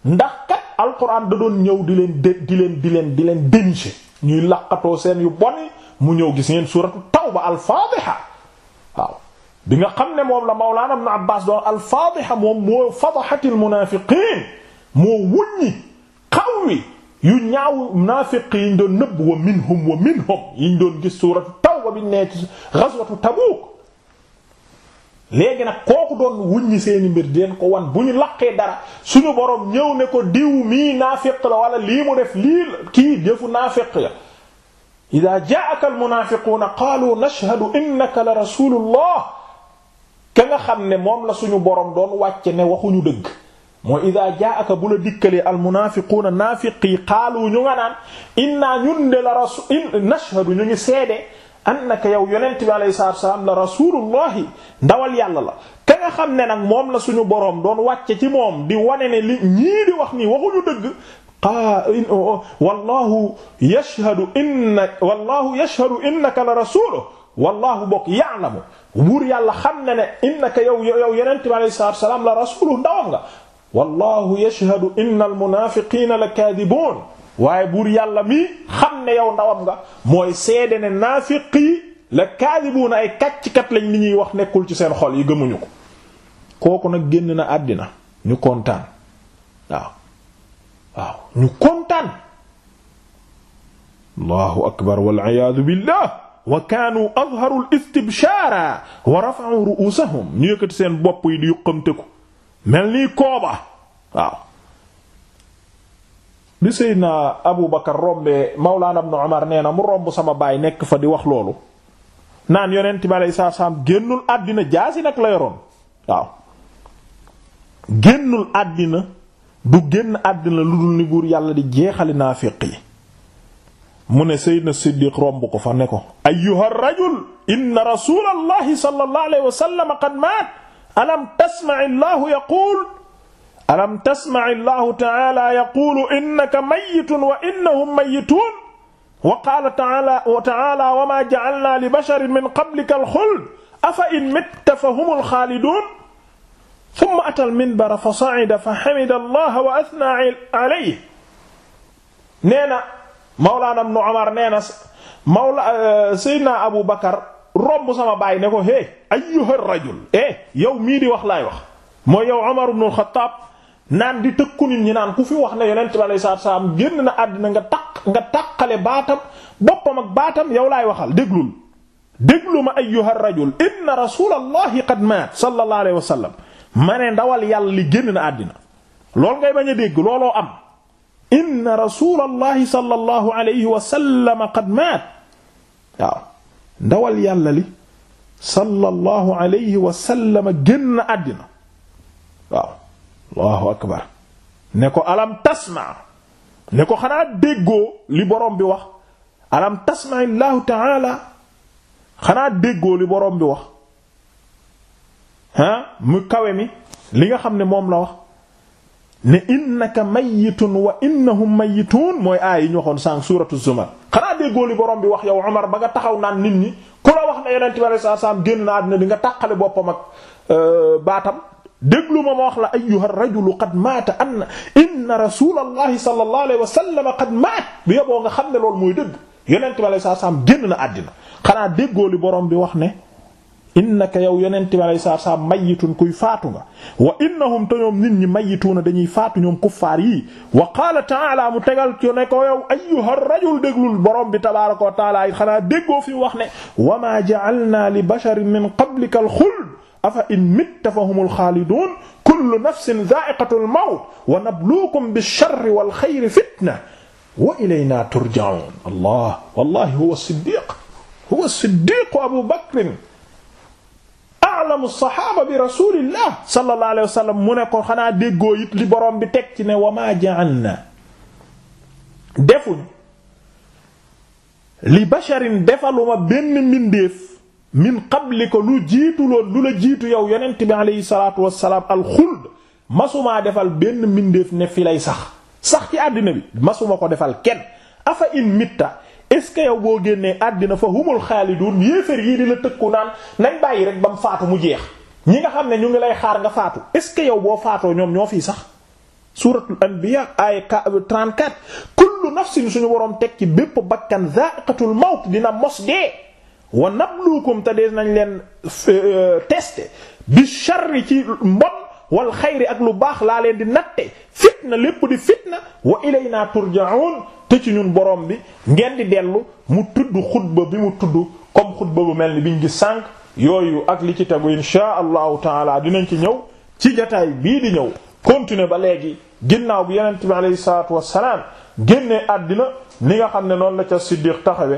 ndax kat alquran da doon ñëw di leen di leen di leen di leen dénicher ñuy laqatoo seen yu bon mu ñëw gis ngeen suratu tawba al-faadiha bi nga xam ne moom la Mawlaana Ibn Abbaas doon al-faadiha moom moo fadahatil munaafiqiin moo wuññi xaw wi yu ñaaw munaafiq yi ñu doon nëbb wa minhum wa minhum yi ñu doon gis suuratu Tawba bi nekk ghazwatu Tabuuk léegi nag kooku doon wuññi seeni mbir di leen ko wan bu ñu laqee dara suñu borom ñëw ne ko diw mii naafiq la wala lii mu def lii kii defu naafiq ya idaa jaa'aka al munaafiquuna qaaluu nashhadu innaka la rasuulullah ka nga xam ne moom la suñu borom doon wàcce ne waxuñu dëgg mooy idaa jaaka bu la dikkalee almunaafiquuna naafiqi xaalu ñu nga naan inna ñun de la rasu nashhadu ñu ngi seede annaka yow yonent bi alayhi salaatu wassalaam la rasulullahi ndawal yàlla la ka nga xam ne nag moom la suñu borom doon wàcce ci moom di wane ne li ñii di wax nii waxuñu dëgg a wallahu yashhadu inna wallahu yashhadu innaka la rasuluhu wallaahu bokk ya'lamu buur yàlla xam ne ne innaka yow yow yonent bi alayhi salaatu wa salaam la rasuluhu ndawam nga wallaahu yashhadu innal munaafiqiina lakaadibuun waaye buur yàlla mi xam ne yow ndawam nga mooy seede ne naafiqi lakaadibuuna ay kàcckat lañ li ñuy wax nekkul ci seen xol yi gëmuñu ko kooku nag génn na àddina ñu kontaan waaw waaw ñu kontaan allahu akbar wal iyaadu billah wa kaanu azharul istibshaara wa rafa'u ru'uusahum ñu yëkkati seen bopp yi di yuqamteku mel nii kooba waaw bi Seydina Abu Bakar Mawlaana Ibn Umar nee na mu romb sama baay nekk fa di wax loolu naan yonent bi alayhi salaatu génnul àddina jaasi nag la yoroon waaw génnul àddina du génn àddina lu dul ni buur yàlla di jeexali naafiq yi mu ne Seydina Siddiq romb ko fa ne ko ayyuha rajul inna rasulallahi sallallahu alayhi wa sallam qad maat alam tasma'i Allahu yaqul alam tasma'i Allahu ta'ala yaqulu innaka mayyitun wa innahum mayyitun wa qaala ta'ala wa ta'ala wa ma ja'alna li basharin min qablika al-khuld afa in mitta fahumul xaalidun summa atal minbara fa sa'ida fa hamida Allaha wa athna alayhi nee na Mawlaana Ibn Umar nee na Mawla eh, Seydina Abu Bakar romb sama baay ne ko hey ayyuha rajul eh yow mii di wax laay wax mooy yow Umar ibn al-Khattab naan di tëkku nit ñi naan ku fi wax na yonent bi alayhi salaatu salaam génn na àddina nga taq nga taqale baatam boppam ak baatam yow laay waxal déglul déglu ma ayyuha rajul inna rasulallahi qad maat sallallahu alayhi wa ma ne ndawal yàlla li génn na àddina lool ngay bañ a dégg looloo am inna rasulallahi sallallahu alayhi wa sallam qad maat waaw ndawal yàlla li sallallahu alayhi wa sallam génn àddina waaw akbar ne ko alam tasma ne ko xanaa déggoo li borom bi wax alam tasma illahu taala xanaa déggoo li borom bi wax mu kawe mi li nga xam ne moom la wax ne innaka mayyitun wa innahum mayyitun mooy aay yi ñu waxoon sànq suuratu zumar xanaa déggoo li borom bi wax yow Omar ba nga taxaw naan nit ñi ku la wax ne yonent bi sallallahu alayhi wasallam génn na àddina di nga tàqale boppam ak euh, baatam déglu ma ma wax la ayyuha rajulu qad maata anna inna rasulallahi sallallahu alayhi wasallam qad maat bi yoboo nga xam ne loolu mooy dëgg yonent bi sallallahu alayhi wasallam na àddina xanaa déggoo li borom bi wax ne. innaka yow yonente bi alei satu salaam mayyitun kuy faatu nga wa innahum te ñoom nit ñi mayyituuna dañuy faatu ñoom kuffaar yii wa qaala taala mu tegal ci ne ko yow ayyuha rajul déglul borom bi tabaraka wa taala it xanaa déggoo fi wax ne wa maa ja'alnaa li basharin min qablika al xuld afa in mitta fa humul xaalidun kullu nafsin zaa'iqatul mawt wa nabluukum bish-sharri wal xayri fitna wa ilaynaa turja'uun allah wallahi huwa as-siddiq huwa as-siddiq abu bakr a'lamu saxaaba bi rasulillah sallallahu alayhi wa mu ne ko xanaa déggoo it li borom bi teg ci ne wa maa ja'alna defuñ li basharin defaluma benn mbindeef min qablika lu jiitu loon lu la jiitu yow yonent bi alayhi salaatu wassalaam alxuld masumaa defal benn mbindeef ne fi sax sax ci àddina bi masuma ko defal kenn afa in mitta est-ce boo génnee àddina fa humul xaalidun yéefar yii di la tëkku naan nañ bàyyi rek bam mu faatu mu jeex ñi nga xam ne ñu ngi lay xaar nga faatu est-ce que yow boo faatoo ñoom ñoo fii sax suratul anbiya ay 34 kullu nafsin suñu woroom teg ci bépp bakkan za'iqatul mawt dina mos dee wa nabluukum te dee nañ leen euh, teste bi sharri ci mbon wal xayri ak lu baax laa leen di natte fitna lépp di fitna wa ilayna turja'un te ci ñun borom bi ngeen di dellu mu tudd xutba bi mu tudd comme xutba bu mel ni biñ gis sànq yooyu ak li ci tegu inshaa allahu taala dinañ ci ñëw ci jataay bii di ñëw continuer ba léegi ginnaaw bi yonent bi alayhi salaatu wassalaam génnee àddina li nga xam ne noonu la ca Siddiq taxawe